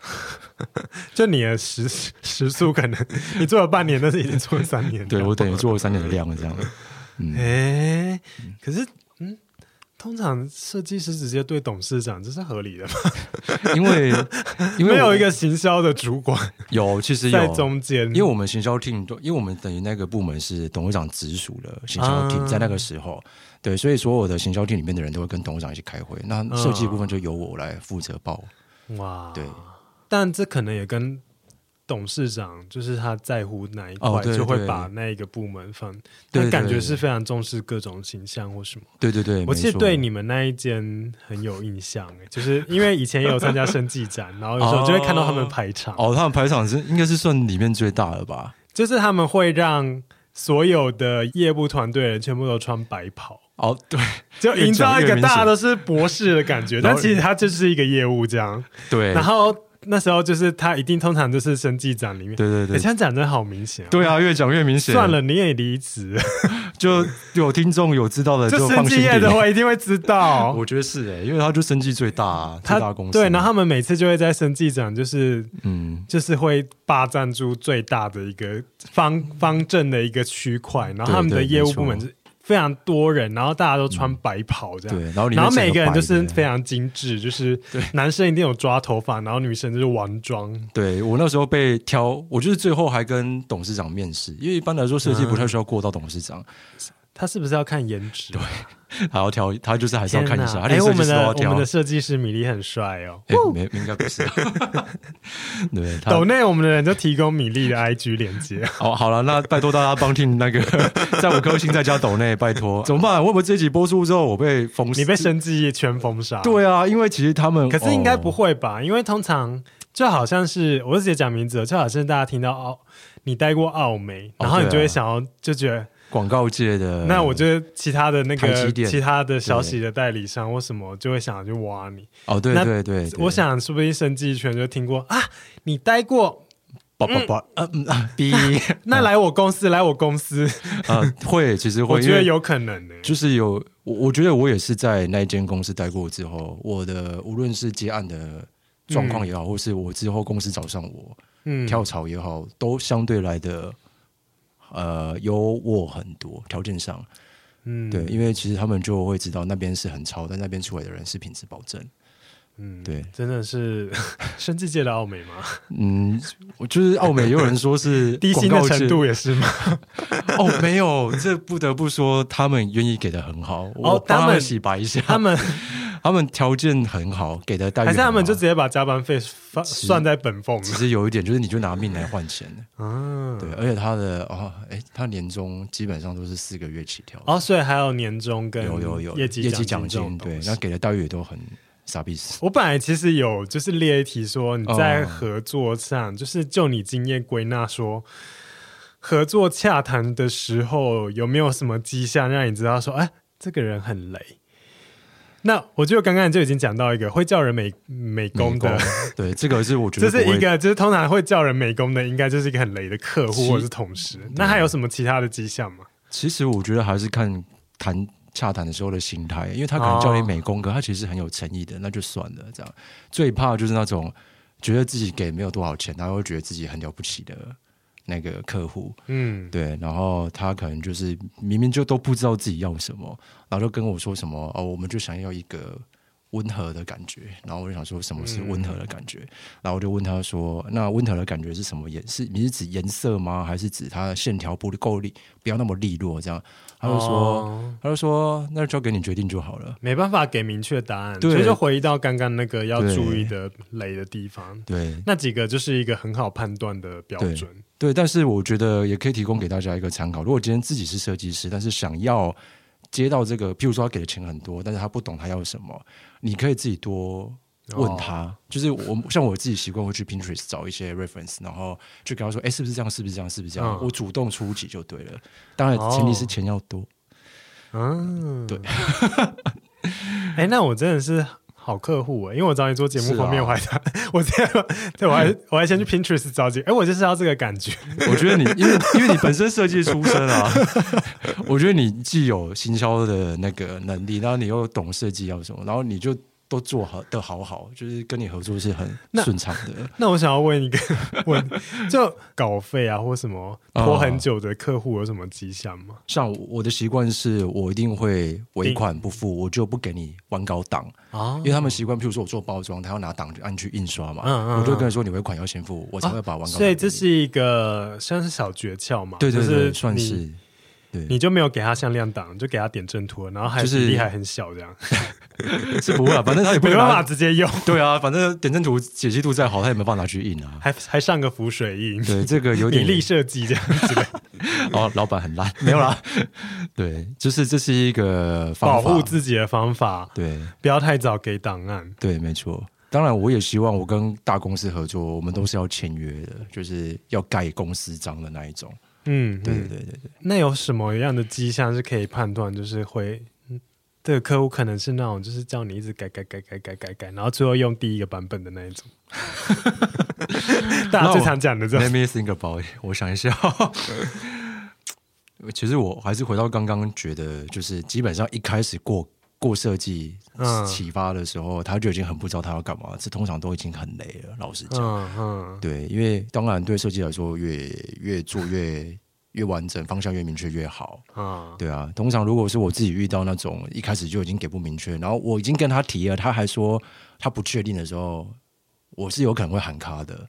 就你的時時速，可能 [laughs] 你做了半年，但是已經做了三年了。對，我等於做了三年的量這樣子。 [laughs] 嗯、欸，可是。通常設計師直接對董事長，這是合理的嗎？ [laughs] 因為，因為沒有一個行銷的主管 [laughs] 有，有其實有在中間。因為我們行銷 team 都，因為我們等於那個部門是董事長直屬的行銷 team、啊，在那個時候，對，所以所有的行銷 team 裡面的人都會跟董事長一起開會。那設計的部分就由我來負責報。哇、嗯，對，但這可能也跟。董事長就是他在乎哪一塊，就會把那一個部門放。對，感覺是非常重視各種形象或什麼。對對對，我其實對你們那一間很有印象，就是因為以前也有參加生技展，然後有時候就會看到他們排場。哦，他們排場是應該是算裡面最大的吧？就是他們會讓所有的業務團隊全部都穿白袍。哦，對，就營造一個大家都是博士的感覺，但其實他就是一個業務這樣。對，然後。那時候就是他一定通常就是生技展裡面，對對對，他、欸、講的好明顯、啊。對啊，越講越明顯。算了，你也離職， [laughs] 就有聽眾有知道的就生技業的，我一定會知道。 [laughs] 我覺得是誒、欸，因為他就生技最大啊，最大公司對，然後他們每次就會在生技展，就是嗯，就是會霸占住最大的一個方方正的一個區塊，然後他們的業務部門、就是。對對對非常多人，然後大家都穿白袍這樣，嗯、然後然後每個人都是非常精致，就是男生一定有抓頭髮，然後女生就是完妝。對我那時候被挑，我就是最後還跟董事長面試，因為一般來說設計不太需要過到董事長。嗯他是不是要看顏值、啊？對，還要挑，他就是還是要看一下哎、欸，我們的我們的設計師米力很帥哦、欸。沒，沒那個事。 [laughs] [laughs] 對，斗內我們的人就提供米力的 IG 鏈接、哦。好，好了，那拜託大家幫聽那個，在五顆星再加斗內，拜託。 [laughs] 怎麼辦？我們這集播出之後，我被封殺，你被升級全封殺。對啊，因為其實他們，可是應該不會吧、哦？因為通常就好像是我自己講名字了，就好像是大家聽到奧你待過奧美，然後你就會想要、哦啊、就覺得。廣告界的，那我覺得其他的那個其他的消息的代理商或什麼，就會想要去挖你哦。對對對，對，我想說，不定生意圈就聽過啊，你待過，不不不，嗯、呃呃、啊，B，那來我公司，啊、來我公司，嗯、呃，會，其實會， [laughs] 我覺得有可能的、欸，就是有我，我覺得我也是在那間公司待過之後，我的無論是接案的狀況也好、嗯，或是我之後公司找上我，嗯、跳槽也好，都相對來的。呃，優渥很多，條件上，嗯，對，因為其實他們就會知道那邊是很超，但那邊出來的人是品質保證，嗯，對，真的是，生技界的奧美嗎？ [laughs] 嗯，我就是奧美。有人說是低薪的程度也是嗎？ [laughs] 哦，沒有，這不得不說他們願意給的很好，哦，他，他們洗白一下他們。他們條件很好，給的待遇，可是他們就直接把加班費算在本俸。其實有一點就是，你就拿命來換錢了，嗯，對，而且他的哦，哎，他年終基本上都是四個月起跳。哦，所以還有年終跟有有有業績業績獎金，有有有業績獎金，業績獎金，對，然後給的待遇也都很殺必死。我本來其實有就是列一題說，你在合作上，嗯、就是就你經驗歸納說，合作洽談的時候有沒有什麼跡象讓你知道說，哎，這個人很雷？那我就剛剛就已經講到一個會叫人美美工的、嗯，美工，對，這個是我覺得這 [laughs] 是一個就是通常會叫人美工的，應該就是一個很雷的客戶或者是同事。那還有什麼其他的跡象嗎？其實我覺得還是看談洽談的時候的心態，因為他可能叫你美工哥，哥、哦，他其實很有誠意的，那就算了。這樣最怕的就是那種覺得自己給沒有多少錢，他會覺得自己很了不起的。那個客戶，嗯，對，然後他可能就是明明就都不知道自己要什麼，然後就跟我說什麼哦，我們就想要一個溫和的感覺，然後我就想說什麼是溫和的感覺，嗯、然後我就問他說，那溫和的感覺是什麼顏？是你是指顏色嗎？還是指它的線條不夠利，不要那麼利落？這樣？他就說，哦、他就說，那就交給你決定就好了，沒辦法給明確答案，所以就回到剛剛那個要注意的雷的地方，對，那幾個就是一個很好判斷的標準。對，但是我覺得也可以提供給大家一個參考。如果今天自己是設計師，但是想要接到這個，譬如說他給的錢很多，但是他不懂他要什麼，你可以自己多問他。哦、就是我像我自己習慣會去 Pinterest 找一些 reference，然後去跟他說：“哎，是不是這樣？是不是這樣？是不是這樣？”嗯、我主動出擊就對了。當然，前提是錢要多。哦、嗯，對。哎， [laughs] 那我真的是。好客戶誒、欸，因為我找你做節目旁邊我還想，啊、 [laughs] 我這樣對，我還我還先去 Pinterest 找幾，哎、欸，我就是要這個感覺。我覺得你因為 [laughs] 因為你本身設計出身啊， [laughs] 我覺得你既有行銷的那個能力，然後你又懂設計要什麼，然後你就。都做好，都好好，就是跟你合作是很順暢的那。那我想要問一個問題， [laughs] 就稿費啊，或什麼拖很久的客戶有什麼跡象嗎、啊？像我的習慣是我一定會尾款不付，我就不給你完稿檔啊，因為他們習慣，譬如說我做包裝，他要拿檔去按去印刷嘛，嗯嗯嗯我就跟他說，你尾款要先付，我才會把完稿、啊。所以這是一個算是小訣竅嘛，對對對，對，就是、算是。對，你就沒有給他向量檔，就給他點陣圖了，然後還厲、就是厲害很小這樣， [laughs] 是不會反正他也不沒辦法直接用。對啊，反正點陣圖解析度再好，他也沒辦法拿去印啊。還還上個浮水印，對，這個有點米力設計這樣子的。 [laughs] 哦，老闆很爛，沒有啦。 [laughs] 對，就是這是一個方法，保護自己的方法。對，不要太早給檔案。對，沒錯。當然，我也希望我跟大公司合作，我們都是要簽約的、嗯，就是要蓋公司章的那一種。嗯，對對對對，對，那有什麼樣的跡象是可以判斷，就是會這個客戶可能是那種，就是叫你一直改，改改改改改改改，然後最後用第一個版本的那一種。大 [laughs] 家 [laughs] [laughs] 最常講的，這種 Let [laughs] 那我 [laughs] me think about it。我想一下，哦， [laughs] [laughs] 其實我還是回到剛剛覺得，就是基本上一開始過。過設計啟發的時候，他就已經很不知道他要幹嘛。這通常都已經很累了，老實講。對，因為當然對設計來說，越越做越越完整，方向越明確越好。對啊。通常如果是我自己遇到那種一開始就已經給不明確，然後我已經跟他提了，他還說他不確定的時候，我是有可能會喊卡的。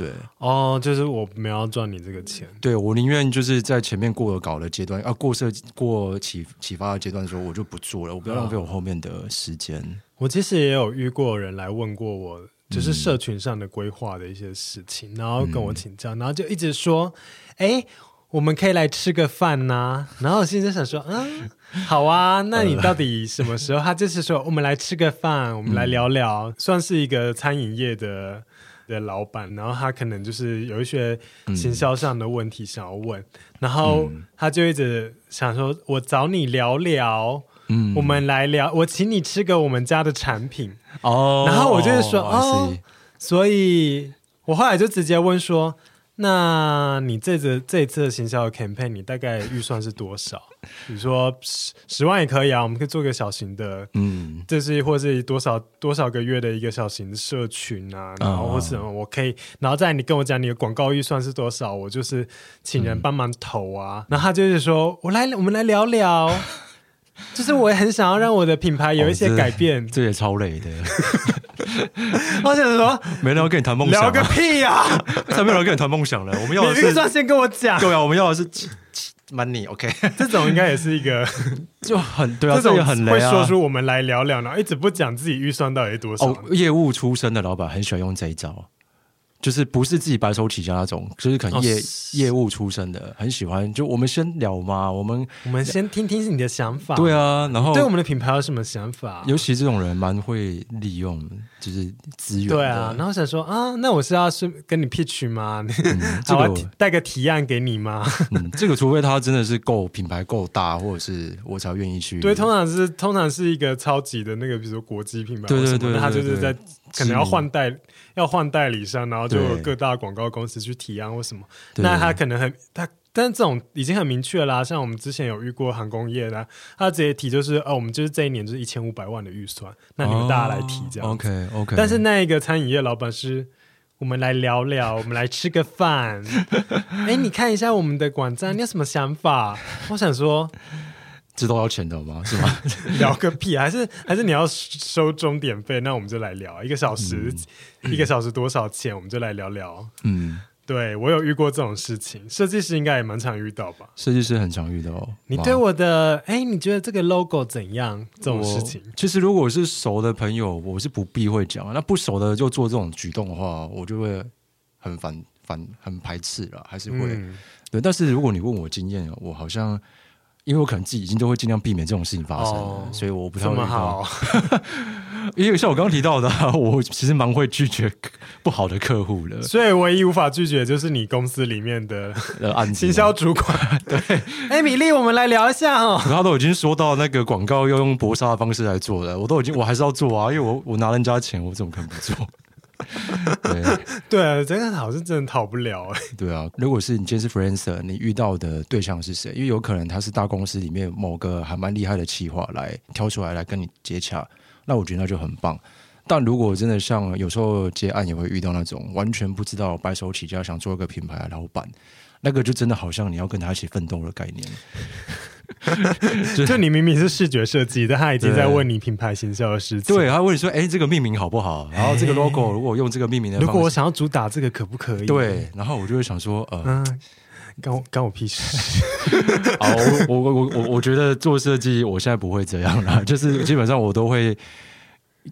對，哦，就是我沒要賺你這個錢，對，我寧願就是在前面過了稿的階段，啊，過社過啟啟發的階段的時候，我就不做了，我不要浪費我後面的時間，哦。我其實也有遇過人來問過我，就是社群上的規劃的一些事情，嗯、然後跟我請教，然後就一直說，哎，我們可以來吃個飯吶，啊。然後我現在想說，嗯，好啊，那你到底什麼時候、嗯？他就是說，我們來吃個飯，我們來聊聊，嗯、算是一個餐飲業的。的老闆，然後他可能就是有一些行銷上的問題想要問，嗯，然後他就一直想說：“我找你聊聊，嗯，我們來聊，我請你吃個我們家的產品哦。Oh, ”然後我就是說：“ oh, 哦，所以，我後來就直接問說。”那你這次這一次的行銷 campaign，你大概預算是多少？ [laughs] 比如說十十萬也可以啊，我們可以做個小型的，嗯，這、就是或者是多少多少個月的一個小型的社群啊，嗯、然後或者什麼，我可以，然後再你跟我講你的廣告預算是多少，我就是請人幫忙投啊，嗯、然後他就是說我來，我們來聊聊。 [laughs] 就是我很想要讓我的品牌有一些改變、哦這，這也超累的 [laughs] 。 [laughs] 我想說，沒人要跟你談夢想、啊，聊個屁呀、啊！怎 [laughs] 麼沒有人要跟你談夢想了？我們要預算先跟我講。對啊，我們要的是 money，OK、okay。這種應該也是一個，就很對啊，這種這也很累啊。會說出我們來聊聊然後一直不講自己預算到底是多少、哦。業務出身的老闆很喜歡用這一招。就是不是自己白手起家那種，就是可能業、哦、業務出身的，很喜歡。就我們先聊嘛，我們我們先聽聽你的想法。對啊，然後對我們的品牌有什麼想法？尤其這種人蠻會利用，就是資源。對啊，然後想說啊，那我是要跟跟你 pitch 嗎？嗯這個、好，帶個提案給你嘛、嗯。這個除非他真的是夠品牌夠大，或者是我才願意去、那個。對，通常是通常是一個超級的那個，比如說國際品牌，對對對，對，對，對，對，他就是在可能要換代要換代理商，然後就各大廣告公司去提案或什麼。那他可能很他，但這種已經很明確啦。像我們之前有遇過航空業啦，他直接提就是哦，我們就是這一年就是一千五百萬的預算，那你們大家來提這樣，哦。OK OK。但是那一個餐飲業老板是，我們來聊聊，我們來吃個飯。哎、 [laughs] 欸，你看一下我們的網站，你有什麼想法？ [laughs] 我想說，都要錢的嗎？是嗎？ [laughs] 聊個屁！啊！還是還是你要收鐘點費？ [laughs] 那我們就來聊一個小時，嗯、一個小時多少錢？我們就來聊聊。嗯對，對我有遇過這種事情，設計師應該也蠻常遇到吧？設計師很常遇到。你對我的哎、欸，你覺得這個 logo 怎樣？這種事情，其實如果是熟的朋友，我是不避諱講；那不熟的就做這種舉動的話，我就會很煩、煩很排斥了，還是會。嗯、對，但是如果你問我經驗，我好像。因為我可能自己已經都會盡量避免這種事情發生，oh, 所以我不太願意做。因為像我剛剛提到的、啊，我其實蠻會拒絕不好的客戶的。所以唯一無法拒絕的就是你公司裡面的呃，案子，行銷主管。 [laughs] 對，艾、欸、米力，我們來聊一下哦。他都已經說到那個廣告要用搏殺的方式來做了，我都已經，我還是要做啊，因為我我拿人家錢，我怎麼可能不做？ [laughs] 對 [laughs] 對啊，真的好像真的逃不了哎、欸。對啊，如果是你接觸 Freelancer 你遇到的對象是誰？因為有可能他是大公司裡面某個還蠻厲害的企劃來挑出來來跟你接洽，那我覺得那就很棒。但如果真的像有時候接案也會遇到那種完全不知道白手起家想做一個品牌老板，那個就真的好像你要跟他一起奮鬥的概念。 [laughs] [laughs] 就，就你明明是視覺設計，但他已經在問你品牌行銷的事情。對，他問你說：“哎，這個命名好不好？然後這個 logo 如果用這個命名的方式，如果我想要主打這個，可不可以？”對，然後我就會想說：“呃，啊、干我干我屁事。” [laughs] 好，我我我我我覺得做設計，我現在不會這樣了，就是基本上我都會。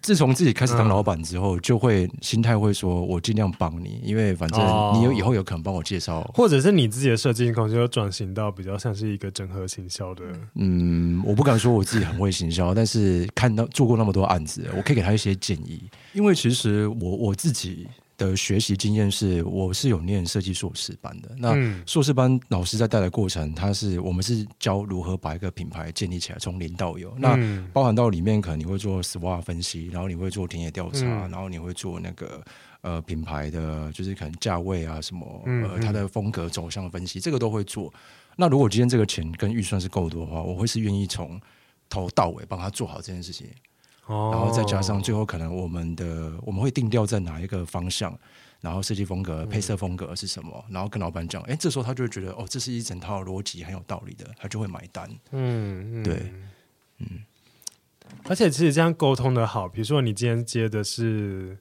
自從自己開始當老板之後，就會心態會說我盡：“我儘量幫你，因為反正你有以後有可能幫我介紹、哦，或者是你自己的設計公司轉型到比較像是一個整合行銷的。”嗯，我不敢說我自己很會行銷， [laughs] 但是看到做過那麼多案子，我可以給他一些建議。因為其實我我自己。的學習經驗是，我是有念設計碩士班的。那、嗯、碩士班老師在帶的過程，他是我們是教如何把一個品牌建立起來，從零到有。那、嗯、包含到裡面，可能你會做 SWOT 分析，然後你會做田野調查、嗯啊，然後你會做那個呃品牌的，就是可能價位啊什麼呃它的風格走向分析，嗯嗯，這個都會做。那如果今天這個錢跟預算是夠多的話，我會是願意從頭到尾幫他做好這件事情。然後再加上最後可能我們的我們會定調在哪一個方向，然後設計風格、配色風格是什麼，嗯、然後跟老闆講，哎，這時候他就會覺得哦，這是一整套邏輯很有道理的，他就會買單嗯。嗯，對，嗯。而且其實這樣溝通的好，比如說你今天接的是。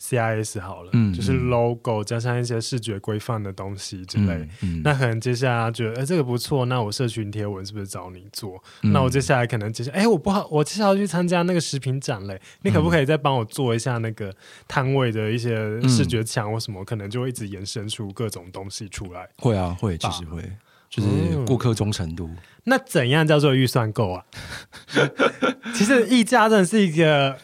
CIS 好了，嗯、就是 logo、嗯、加上一些視覺規範的東西之類、嗯嗯。那可能接下來覺得、欸、這個不錯，那我社群貼文是不是找你做、嗯？那我接下來可能接下來哎、欸，我不好，我接下來要去參加那個食品展嘞、嗯，你可不可以再幫我做一下那個攤位的一些視覺牆或、嗯、或什麼？可能就會一直延伸出各種東西出來。會啊，會，就實、是、會，就是顧客忠誠度、嗯。那怎樣叫做預算夠啊？ [laughs] 其實溢價真的是一個。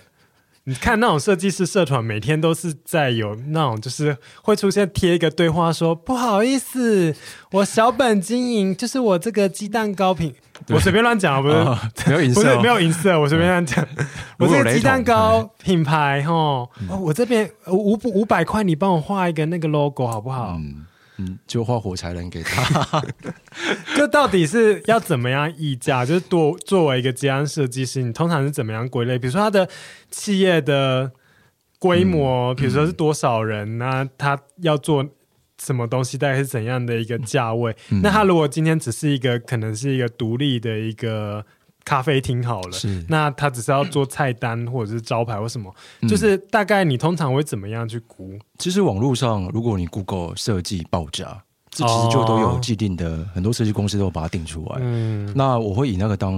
你看那種設計師社團，每天都是在有那種，就是會出現貼一個對話說，說不好意思，我小本經營，就是我這個雞蛋糕品，我隨便亂講，不是，哦、不是，不是沒有隱私，我隨便亂講，我這個雞蛋糕品牌哈、哦，我這邊五五百塊，你幫我畫一個那個 logo 好不好？嗯嗯，就畫火柴人給他 [laughs] 。 [laughs] 就到底是要怎麼樣議價？就是多作為一個接案設計師，你通常是怎麼樣歸類？比如說他的企業的規模，比如說是多少人呢、啊嗯嗯？他要做什麼東西？大概是怎樣的一個價位？那他如果今天只是一個，可能是一個獨立的一個。咖啡廳好了是，那他只是要做菜單或者是招牌或什麼，嗯、就是大概你通常會怎麼樣去估？其實網絡上，如果你 Google 設計報價，這其實就都有既定的，哦、很多設計公司都會把它定出來，嗯。那我會以那個當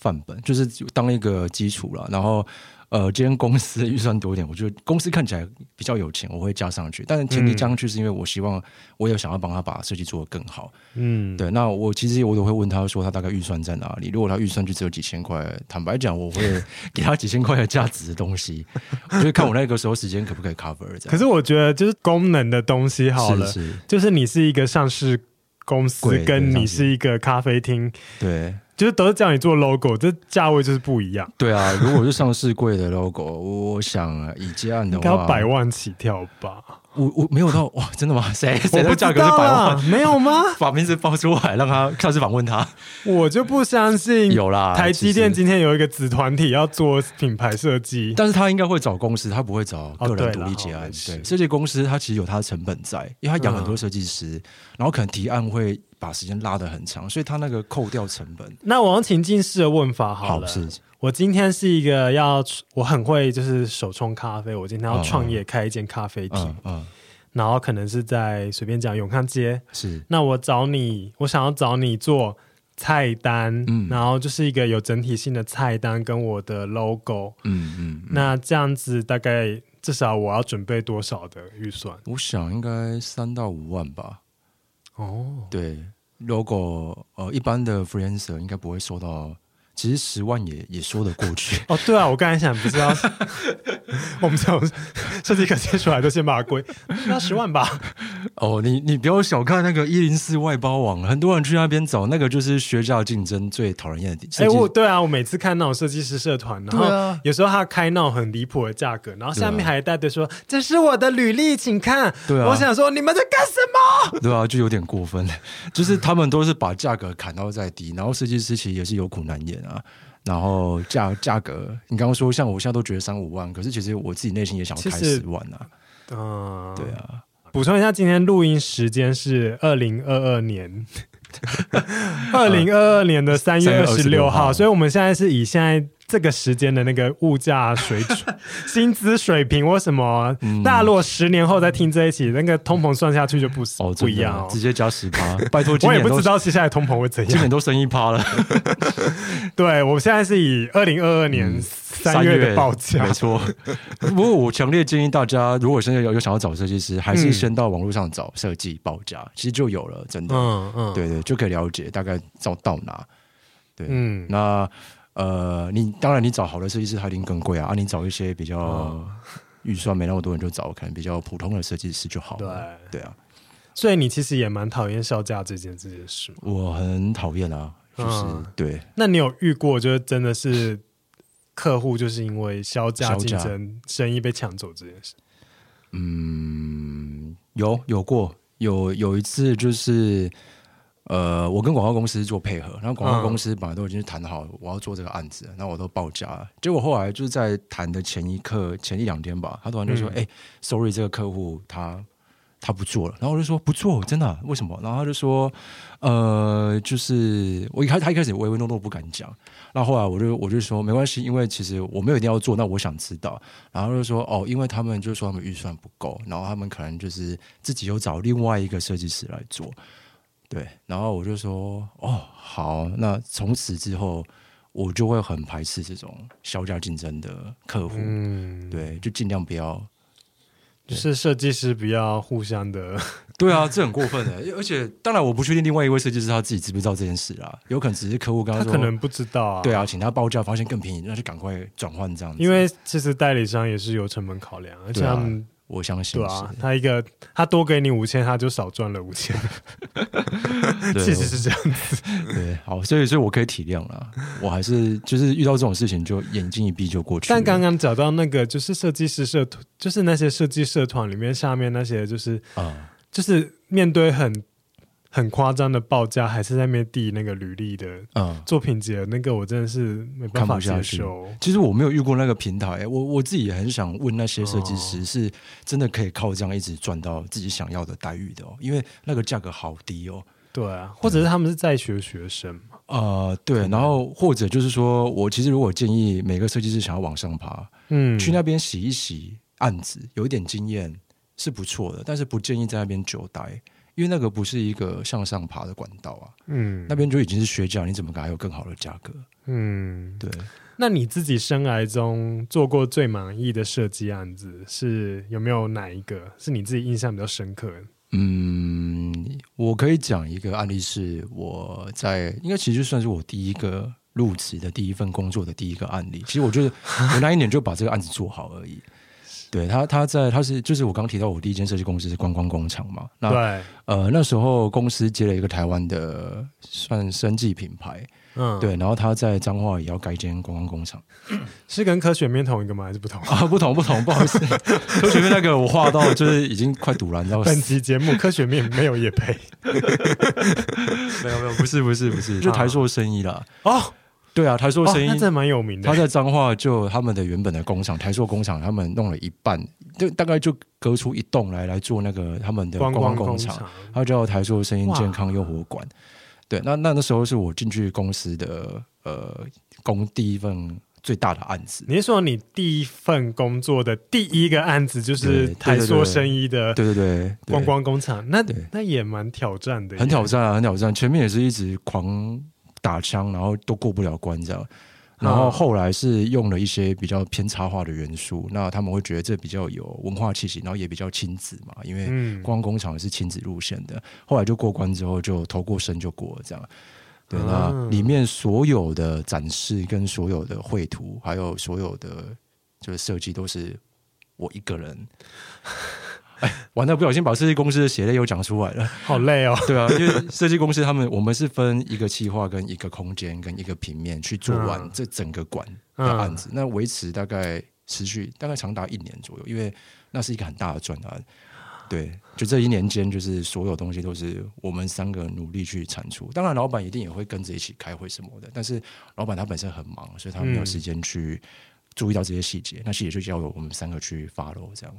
範本，就是當一個基礎啦，然後。呃，今天公司預算多一點，我覺得公司看起來比較有錢，我會加上去。但是前提加上去是因為我希望我有想要幫他把設計做得更好。嗯，對。那我其實我都會問他說他大概預算在哪裡。如果他預算就只有幾千塊，坦白講，我會給他幾千塊的價值的東西是我就看我那個時候時間可不可以 cover [laughs] 這樣。可是我覺得就是功能的東西好了，是，是就是你是一個上市公司，跟你是一個咖啡廳，對。就是都是這樣，你做 logo，這價位就是不一樣。對啊，如果是上市櫃的 logo， [laughs] 我想啊，以接案的話，要百萬起跳吧。我我沒有到哇，真的嗎？誰誰的價格是百萬？啊、沒有嗎？ [laughs] 把名字報出來，讓他開始訪問他。我就不相信。有啦，台積電今天有一個子團體要做品牌設計，但是他應該會找公司，他不會找個人獨立接案。哦、對,對,對，這些公司他其實有他的成本在，因為他養很多設計師、嗯，然後可能提案會。把時間拉得很長，所以他那個扣掉成本。那王晴近似的問法好了好，我今天是一個要，我很會就是手沖咖啡，我今天要創業開一間咖啡廳、嗯嗯，嗯，然後可能是在隨便講永康街，是那我找你，我想要找你做菜單，嗯，然後就是一個有整體性的菜單跟我的 logo，嗯嗯,嗯，那這樣子大概至少我要準備多少的預算？我想應該三到五萬吧。哦、oh.，對，如果呃一般的 freelancer 應該不會受到。其實十萬也也說得過去 [laughs] 哦。對啊，我剛才想，不知道 [laughs] 我們這種設計師接出來都先把它歸，那十萬吧？哦，你你不要小看那個一零四外包網，很多人去那邊找，那個就是削價競爭最討人厭的。哎、欸，我，對啊，我每次看那種設計師社團，然後有時候他開那種很離譜的價格，然後下面還帶隊說、啊：“這是我的履歷，請看。”對啊，我想說你們在幹什麼？對啊，就有點過分了。就是他們都是把價格砍到再低， [laughs] 然後設計師其實也是有苦難言。啊，然後價價格，你剛剛說像我，現在都覺得三五萬，可是其實我自己內心也想要開十萬啊，嗯、呃，對啊。補充一下，今天錄音時間是二零二二年，二零二二年的三月二十六號，所以我們現在是以現在。這個時間的那個物價水準、薪資水平，或什麼，那、嗯、如果十年後再聽這一期，那個通膨算下去就不、哦、不一樣，直接加十趴。拜托，我也不知道接下來通膨會怎樣，基本都升一趴了。 [laughs] 對，我現在是以二零二二年三月的報價、嗯，沒錯。 [laughs] 不過我強烈建議大家，如果現在有有想要找設計師，還是先到網絡上找設計報價，其實就有了，真的。嗯嗯，對，對對，就可以了解大概找到，到哪。對，嗯，那。呃，你當然你找好的設計師他一定更貴啊，啊你找一些比較預算沒那麼多人就找可能比較普通的設計師就好了。對，對啊。所以你其實也蠻討厭削價這件這件事。我很討厭啊，就是、哦、對。那你有遇過就是真的是客戶就是因為削價競爭生意被搶走這件事？嗯，有有過有有一次就是。呃，我跟廣告公司做配合，然後廣告公司本來都已經談好、嗯、我要做這個案子了，那我都報價了。結果後來就是在談的前一刻，前一兩天吧，他突然就說：“哎、嗯欸、sorry，這個客戶他他不做了。”然後我就說：“不做，真的、啊？為什麼？”然後他就說：“呃，就是我一開他一開始唯唯諾諾不敢講，那後，後來我就我就說沒關係，因為其實我沒有一定要做，那我想知道。”然後就說：“哦，因為他們就說他們預算不夠，然後他們可能就是自己又找另外一個設計師來做。”對，然後我就說，哦，好，那從此之後，我就會很排斥這種削價競爭的客戶。嗯，對，就盡量不要，就是設計師不要互相的。對啊，這很過分的。 [laughs] 而且，當然，我不確定另外一位設計師他自己知不知道這件事啊，有可能只是客戶告訴他說，他可能不知道、啊。對啊，請他報價，發現更便宜，那就趕快轉換這樣子。因為其實代理商也是有成本考量，而且他們、啊。我相信，對啊，他一個他多給你五千，他就少賺了五千， [laughs] 其實是這樣的對。對，好，所以所以我可以體諒了。我還是就是遇到這種事情就眼睛一閉就過去。但剛剛找到那個就是設計師社團，就是那些設計社團裡面下面那些就是啊、嗯，就是面對很。很誇張的報價，還是在那邊遞那個履歷的，嗯，作品集那個，我真的是沒辦法接受。其實我沒有遇過那個平台，欸、我我自己也很想問那些設計師，是真的可以靠這樣一直賺到自己想要的待遇的、哦哦，因為那個價格好低哦。對啊，或者是他們是在學學生嘛。啊、嗯呃，對，然後或者就是說，我其實如果建議每個設計師想要往上爬，嗯，去那邊洗一洗案子，有一點經驗是不錯的，但是不建議在那邊久待。因為那個不是一個向上爬的管道啊，嗯，那邊就已經是削價，你怎麼敢還有更好的價格？嗯，對。那你自己生涯中做過最滿意的設計案子，是有沒有哪一個是你自己印象比較深刻的？嗯，我可以講一個案例，是我在應該其實算是我第一個入職的第一份工作的第一個案例。其實我覺得我那一年就把這個案子做好而已。 [laughs] 對他，他在他是就是我剛，剛提到我第一間設計公司是觀光工廠嘛，那？對。呃，那時候公司接了一個台灣的算生技品牌，嗯，對。然後他在彰化也要蓋一間觀光工廠，是跟科學麵同一個嗎？還是不同啊？啊，不同不同，不好意思， [laughs] 科學麵那個我畫到就是已經快堵了，要。 [laughs] 本期節目科學麵沒有業配， [laughs] [laughs] 沒有沒有，不是不是不是，不是啊、就台做生意了啊。哦。對啊，台塑生醫，哦、那真蠻有名的。他在彰化，就他們的原本的工廠，台塑工廠，他們弄了一半，就大概就隔出一棟來來做那個他們的觀光、光工廠，他叫台塑生醫健康悠活館。對，那那那時候是我進去公司的呃，工第一份最大的案子。你是說你第一份工作的第一個案子就是對對對台塑生醫的對對對觀光工廠？對對對，那那也蠻挑戰的，很挑戰啊，很挑戰。前面也是一直狂。打槍，然後都過不了關，這樣。然後後來是用了一些比較偏插畫的元素，哦，那他們會覺得這比較有文化氣息，然後也比較親子嘛，因為觀光工廠是親子路線的，嗯。後來就過關之後，就頭過身就過了，這樣。對，哦，那裡面所有的展示，跟所有的繪圖，還有所有的就是設計，都是我一個人。 [laughs] 完了，不小心把設計公司的血淚又講出來了，好累哦。 [laughs] 對啊，因為設計公司他們，我們是分一個企劃，跟一個空間、跟一個平面去做完這整個館的案子。嗯嗯嗯，那維持大概持續大概長達一年左右，因為那是一個很大的專案。對，就這一年間，就是所有東西都是我們三個努力去產出。當然，老闆一定也會跟着一起開會什麼的，但是老闆他本身很忙，所以他沒有時間去注意到這些細節。嗯、那細節也就交由我們三個去 follow 這樣。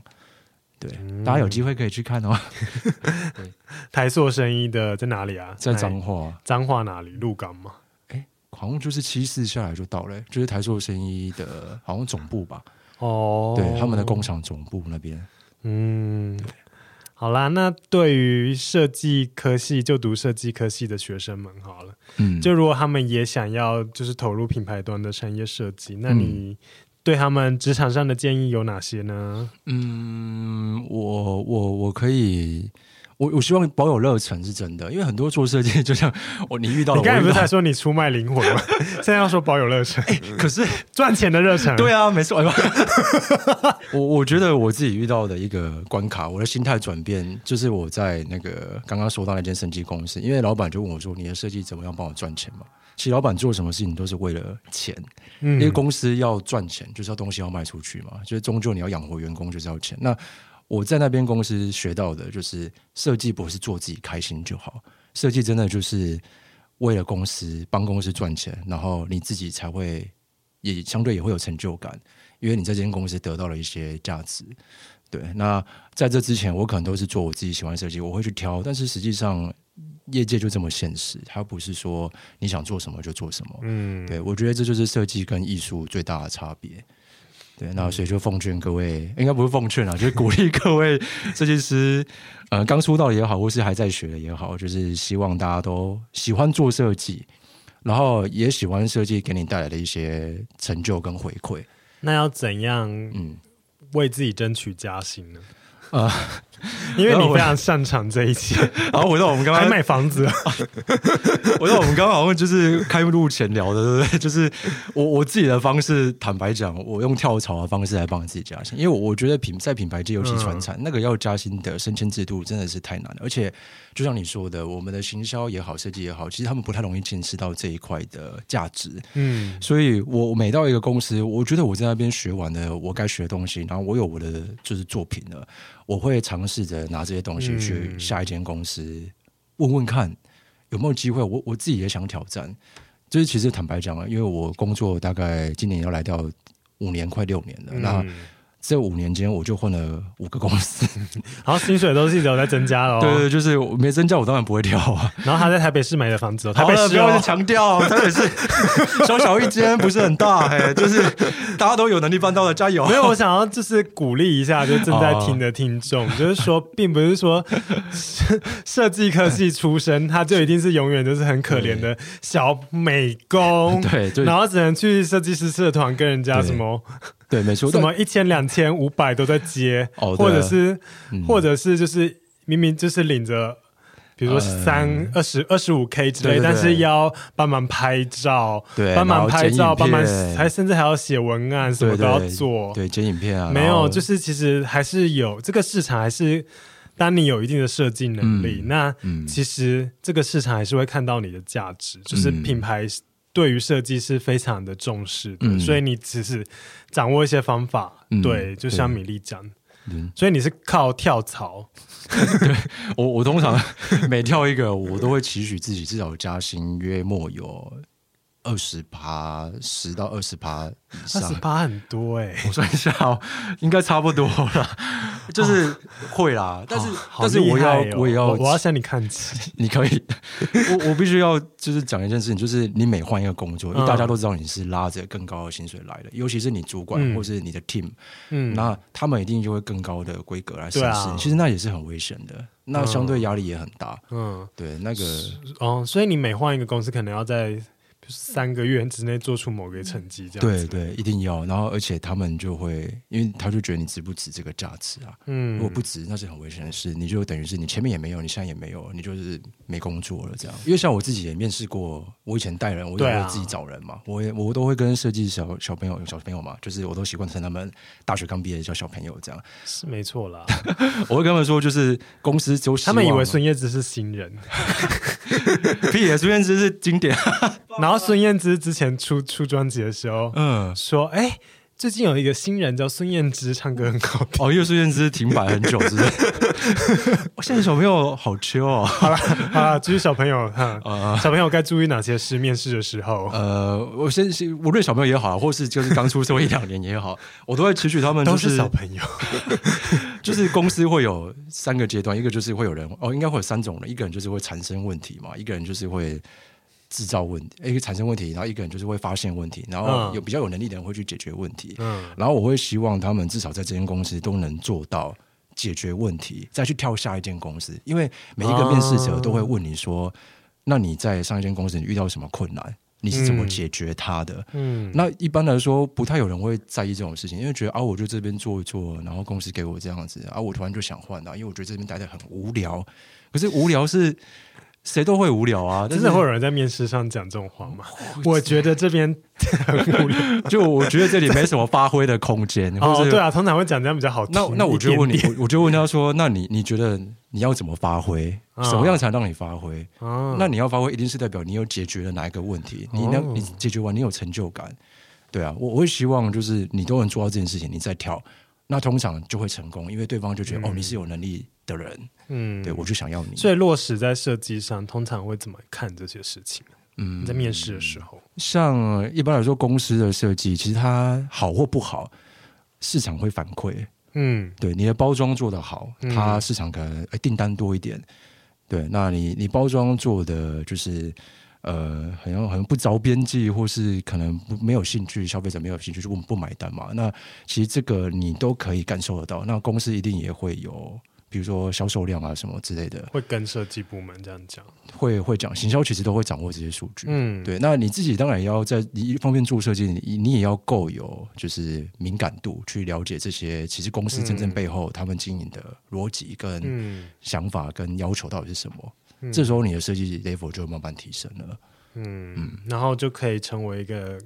對、嗯，大家有機會可以去看哦。嗯、 [laughs] 對，台塑生意的在哪裡啊？在彰化，啊，彰化哪裡？鹿港嗎？哎，好像就是七四下來就到嘞，欸，就是台塑生意的好像總部吧。哦，對，他們的工廠總部那邊。嗯，好啦，那對於設計科系、就讀設計科系的學生們，好了，嗯，就如果他們也想要就是投入品牌端的產業設計，那你。嗯對他們職場上的建議有哪些呢？嗯，我我我可以，我我希望保有熱忱是真的，因為很多做設計就像我、哦，你遇到的你剛才不是在說你出賣靈魂嗎？ [laughs] 現在要說保有熱忱， [laughs] 欸、可是 [laughs] 賺錢的熱忱，對啊，沒錯。 [laughs] [laughs] 我我覺得我自己遇到的一個關卡，我的心態轉變，就是我在那個剛剛說到那間設計公司，因為老闆就問我說：“你的設計怎麼樣？幫我賺錢嘛？”其實老闆做什麼事情都是為了錢。因為公司要賺錢，就是要東西要賣出去嘛。就是終究你要養活員工，就是要錢。那我在那邊公司學到的就是，設計不是做自己開心就好，設計真的就是為了公司幫公司賺錢，然後你自己才會也相對也會有成就感，因為你在這間公司得到了一些價值。對，那在這之前，我可能都是做我自己喜歡設計，我會去挑，但是實際上。業界就這麼現實，他不是說你想做什麼就做什麼。嗯，對，我覺得這就是設計跟藝術最大的差別。對、嗯，那所以就奉勸各位，應該不是奉勸啊，就是鼓勵各位設計師，嗯、 [laughs] 呃，剛出道也好，或是還在學的也好，就是希望大家都喜歡做設計，然後也喜歡設計給你帶來的一些成就跟回饋。那要怎樣，嗯，為自己爭取加薪呢？啊、嗯。呃因為你非常擅長這一切，然後回到、啊、我，我們剛剛賣買房子、啊。我說我們剛剛好像就是開錄前聊的，對不對？就是我我自己的方式，坦白講，我用跳槽的方式來幫自己加薪，因為我我覺得品在品牌界，尤其傳產、嗯、那個要加薪的升遷制度真的是太難了。而且就像你說的，我們的行銷也好，設計也好，其實他們不太容易見識到這一塊的價值。嗯，所以我每到一個公司，我覺得我在那邊學完了我該學的東西，然後我有我的就是作品了。我會嘗試着拿這些東西去下一間公司問問看、嗯、有沒有機會。我我自己也想挑戰，就是其實坦白講啊，因為我工作大概今年要來到五年快六年了，嗯、那。這五年間，我就混了五個公司，然後薪水都是一直在增加嘍。對對，就是沒增加，我當然不會跳啊。然後他在台北市買的房子，台北市需要強調，台北市小、哦哦、 [laughs] 北市 [laughs] 小一間不是很大，嘿，就是大家都有能力辦到的，加油！沒有，我想要就是鼓勵一下，就正在聽的聽眾，哦、就是說，並不是說設計科系出身，他就一定是永遠就是很可憐的小美工，對，對對，然後只能去設計師社團跟人家什麼。對，沒錯。什麼一千、兩千、五百都在接，哦、或者是、嗯，或者是就是明明就是領着，比如說三二十二十五 K 之類對對對，但是要幫忙拍照，對幫忙拍照，幫忙還甚至還要寫文案，對對對什麼都要做對對。對，剪影片啊，沒有，就是其實還是有這個市場，還是當你有一定的設計能力、嗯，那其實這個市場還是會看到你的價值，嗯、就是品牌。對於設計是非常的重視的，嗯，所以你只是掌握一些方法，嗯、對，就像米力講，所以你是靠跳槽？對 [laughs] 對，我我通常每跳一個，我都會期許自己至少有加薪約莫有，二十趴，十到二十趴以上，二十趴很多哎、欸。我算一下哦，應該差不多了， [laughs] 就是會啦。哦、但是但是，但是我要、哦、我也要我，我要向你看齊。你可以， [laughs] 我我必須要 [laughs] 就是講一件事情，就是你每換一個工作，因、嗯、為大家都知道你是拉着更高的薪水來的，尤其是你主管或是你的 team，嗯，那他們一定就會更高的規格來審視、嗯、其實那也是很危險的，那相對壓力也很大。嗯，嗯對，那個哦，所以你每換一個公司，可能要在就是、三個月之內做出某個成績，這樣對對，一定要。然後，而且他們就會，因為他就覺得你值不值這個價值啊？嗯，如果不值，那是很危險的事。你就等於是你前面也沒有，你現在也沒有，你就是沒工作了這樣。因為像我自己也面試過，我以前帶人，我也會自己找人嘛。啊、我也我都會跟設計小小朋友、小朋友嘛，就是我都習慣稱他們大學剛畢業叫小，小朋友這樣，是沒錯啦。 [laughs] 我會跟他們說，就是公司就他們以為孫燕姿是新人， [laughs] [laughs] 屁呀，孫燕姿是經典，然後。孫、啊、燕姿之前出出專輯的時候，嗯，說哎、欸，最近有一個新人叫孫燕姿，唱歌很好聽。哦，因為孫燕姿停擺很久，是吧？ [laughs] 現在小朋友好缺哦。好了好了，注意小朋友，哈、嗯嗯，小朋友該注意哪些事？面試的時候，呃，我先無論小朋友也好，或是就是剛出社一兩年也好，我都會持續他們、就是、都是小朋友， [laughs] 就是公司會有三個階段，一個就是會有人，哦，應該會有三種人，一個人就是會產生問題嘛，一個人就是會。製造問題，誒、欸，產生問題，然後一個人就是會發現問題，然後有比較有能力的人會去解決問題，嗯，然後我會希望他們至少在這間公司都能做到解決問題，再去跳下一間公司，因為每一個面試者都會問你說，啊，那你在上一間公司你遇到什麼困難，你是怎麼解決他的？嗯，那一般來說不太有人會在意這種事情，因為覺得啊，我就這邊做一做，然後公司給我這樣子啊，我突然就想換了，因為我覺得這邊待得很無聊，可是無聊是。誰都會無聊啊！真的會有人在面試上講這種話嗎？我，我覺得這邊很無聊，就我覺得這裡沒什麼發揮的空間。 [laughs] 哦，對啊，通常會講這樣比較好聽。那那我就問你 [laughs] 我，我就問他說，那你你覺得你要怎麼發揮？啊、什麼樣才讓你發揮、啊？那你要發揮一定是代表你有解決了哪一個問題？啊、你能你解決完，你有成就感。對啊，我我會希望就是你都能做到這件事情，你再跳，那通常就會成功，因為對方就覺得、嗯、哦，你是有能力的人，嗯，對我就想要你。所以落實在設計上，通常會怎麼看這些事情？嗯，在面試的時候，像一般來說公司的設計，其實它好或不好，市場會反饋。嗯，對，你的包裝做得好，它市場可能訂單多一點。嗯，對，那你你包裝做的就是呃，很很不着邊際，或是可能不沒有興趣，消費者沒有興趣就我們不買單嘛。那其實這個你都可以感受得到，那公司一定也會有。比如說銷售量啊什麼之類的，會跟設計部門這樣講，會會講，行銷其實都會掌握這些數據。嗯，對，那你自己當然也要在一方面做設計你，你也要夠有就是敏感度，去了解這些其實公司真正背後他們經營的邏輯跟想法跟要求到底是什麼？嗯，這時候你的設計 level 就會慢慢提升了嗯。嗯，然後就可以成為一個，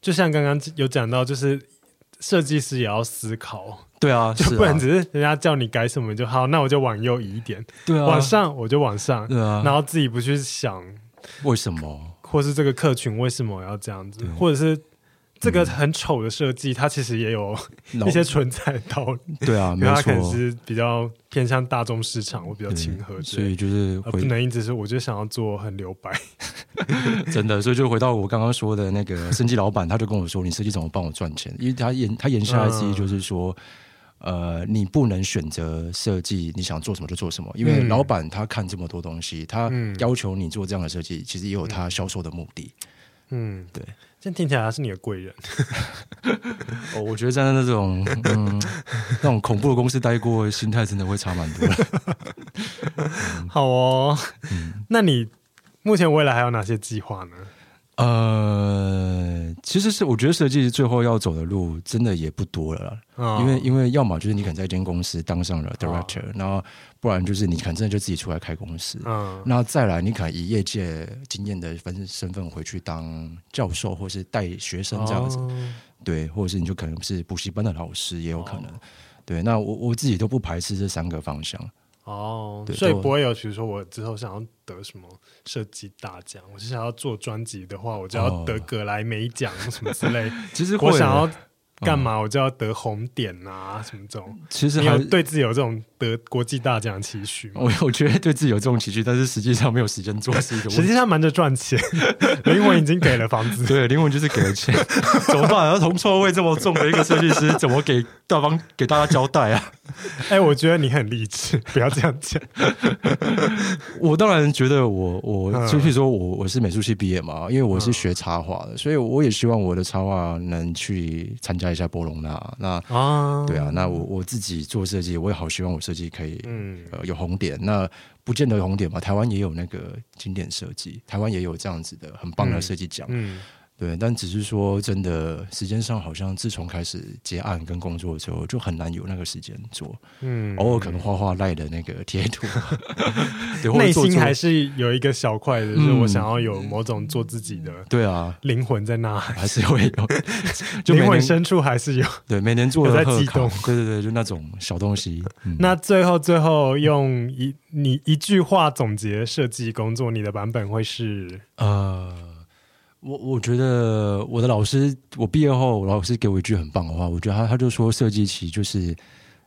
就像剛剛有講到，就是設計師也要思考。對啊，就不然只是人家叫你改什麼就好，啊，那我就往右移一點對啊，往上我就往上，對啊，然後自己不去想為什麼，或是這個客群為什麼要這樣子，或者是這個很醜的設計，它其實也有、嗯、 [laughs] 一些存在的道理，對啊，沒錯，比較偏向大眾市場，我比較親和，所以就是不能一直是我就想要做很留白， [laughs] [laughs] 真的，所以就回到我剛剛說的那個生技老闆，他就跟我說：“ [laughs] 你設計怎麼幫我賺錢？”因為他言他言下之意就是說。嗯呃，你不能選擇設計，你想做什麼就做什麼，因為老闆他看這麼多東西、嗯，他要求你做這樣的設計，其實也有他銷售的目的。嗯，對，現在聽起來他是你的貴人。 [laughs] 哦，我覺得站在那種嗯， [laughs] 那種恐怖的公司待過，心態真的會差蠻多的、 [laughs] 嗯。好哦、嗯，那你目前未來還有哪些計劃呢？呃，其實是我覺得設計最後要走的路真的也不多了、嗯，因為因為要麼就是你可能在一間公司當上了 director、嗯、然後不然就是你可能真的就自己出來開公司，嗯、那再來你可能以業界經驗的分身份回去當教授，或是帶學生這樣子、嗯，對，或者是你就可能是補習班的老師也有可能，嗯、對，那我我自己都不排斥這三個方向。哦、oh，所以不會有，比如說我之後想要得什麼設計大獎，我是想要做專輯的話，我就要得格萊美獎、oh. 什麼之類。 [laughs] 其實會我想要。幹嘛我就要得紅點啊？什麼這種？其實你有對自己有這種得國際大獎的期許嗎？我有覺得對自己有這種期許，但是實際上沒有時間做，實際上忙着賺錢， [laughs] 靈魂已經給了房子，對，靈魂就是給了錢。 [laughs] 怎麼辦？要銅臭味這麼重的一個設計師，怎麼給大方給大家交代啊？哎 [laughs] 欸，我覺得你很勵志，不要這樣講。 [laughs] 我當然覺得我我、嗯，所以說我我是美術系畢業嘛，因為我是學插畫的、嗯，所以我也希望我的插畫能去參加。帶一下波隆那那、啊、對啊，那我我自己做設計，我也好希望我設計可以嗯、呃、有紅點，那不見得有紅點嘛，台灣也有那個經典設計，台灣也有這樣子的很棒的設計獎。嗯嗯對，但只是說真的，時間上好像自從開始接案跟工作之後，就很難有那個時間做。嗯，偶爾可能畫畫、賴的那個貼圖，內 [laughs] 心還是有一個小塊的、嗯，就是我想要有某種做自己的靈魂、嗯。對啊，靈魂在那還是會有，靈 [laughs] 魂深處還是有。對，每年做賀卡， [laughs] 對對對，就那種小東西。 [laughs] 嗯、那最後最後用一你一句話總結設計工作，你的版本會是呃。我我覺得我的老師，我畢業後老師給我一句很棒的話，我覺得他他就說設計其實就是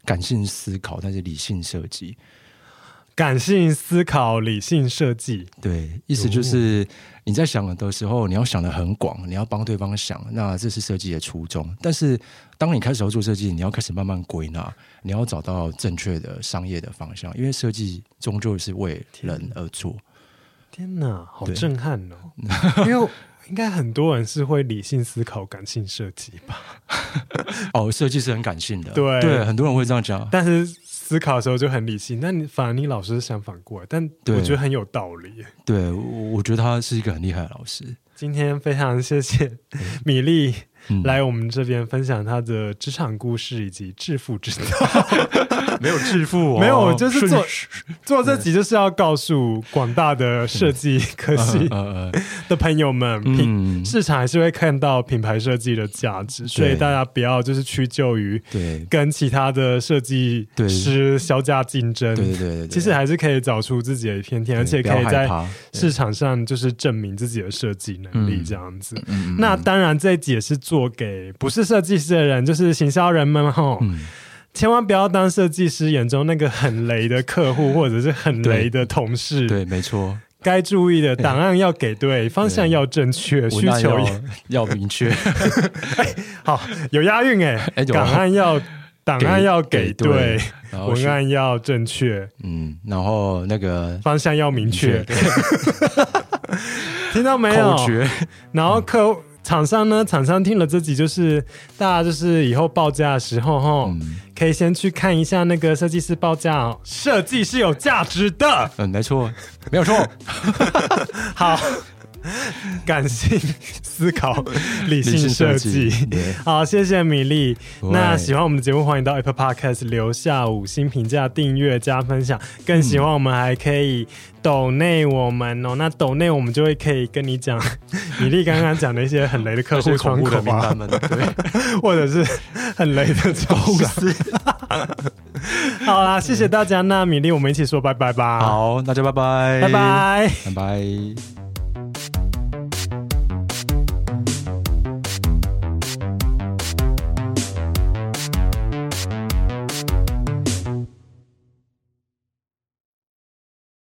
感性思考，但是理性設計。感性思考，理性設計，對，意思就是你在想的時候，你要想得很廣，你要幫對方想，那這是設計的初衷。但是當你開始要做設計，你要開始慢慢歸納，你要找到正確的商業的方向，因為設計終究是為人而做。天，天哪，好震撼哦！因為、哎 [laughs] 應該很多人是會理性思考，感性設計吧 [laughs] 哦，設計是很感性的。對，對，很多人會這樣講。但是思考的時候就很理性。那你反而你老師是想反過來，但我覺得很有道理。對，我我覺得他是一個很厲害的老師。今天非常謝謝米力。嗯 [laughs] 來我們這邊分享他的職場故事以及致富之道。嗯， [laughs] 沒有致富，哦， [laughs] 沒有就是做噓噓噓噓，做這集就是要告訴廣大的設計科系的朋友們，品、嗯、市場還是會看到品牌設計的價值，所以大家不要就是屈就於對跟其他的設計師削價競爭，對對對，對，其實還是可以找出自己的一片天，而且可以在市場上就是證明自己的設計能力這樣子。嗯嗯，那當然這一集也是。做給不是設計師的人，就是行銷人們吼、嗯，千萬不要當設計師眼中那個很雷的客戶或者是很雷的同事。對，對，沒錯，該注意的檔案要給對，方向要正確，需求也要 [laughs] 要明確 [laughs] 、哎。好，有押韻、欸、哎，檔案要檔案要給對，文案要正確，嗯，然後那個方向要明確，明確對 [laughs] 聽到沒有？口訣，然後客戶。嗯廠商呢？廠商聽了自己就是，大家就是以後報價的時候哈、嗯，可以先去看一下那個設計師報價哦。設計是有價值的，嗯，沒錯，沒有錯。 [laughs] [laughs] 好。感性思考，理性設計。好，謝謝米力。那喜歡我們的節目，歡迎到 Apple Podcast 留下五星評價、訂閱、加分享。更喜歡我們，還可以抖內我們哦。嗯、那抖內我們就會可以跟你講，米力剛剛講的一些很雷的客戶窗口、寵、嗯、物的名單們，對， [laughs] [laughs] 或者是很雷的錯誤。 [laughs] 好啦，okay. 謝謝大家。那米力，我們一起說拜拜吧。好，大家拜拜，拜拜，拜拜。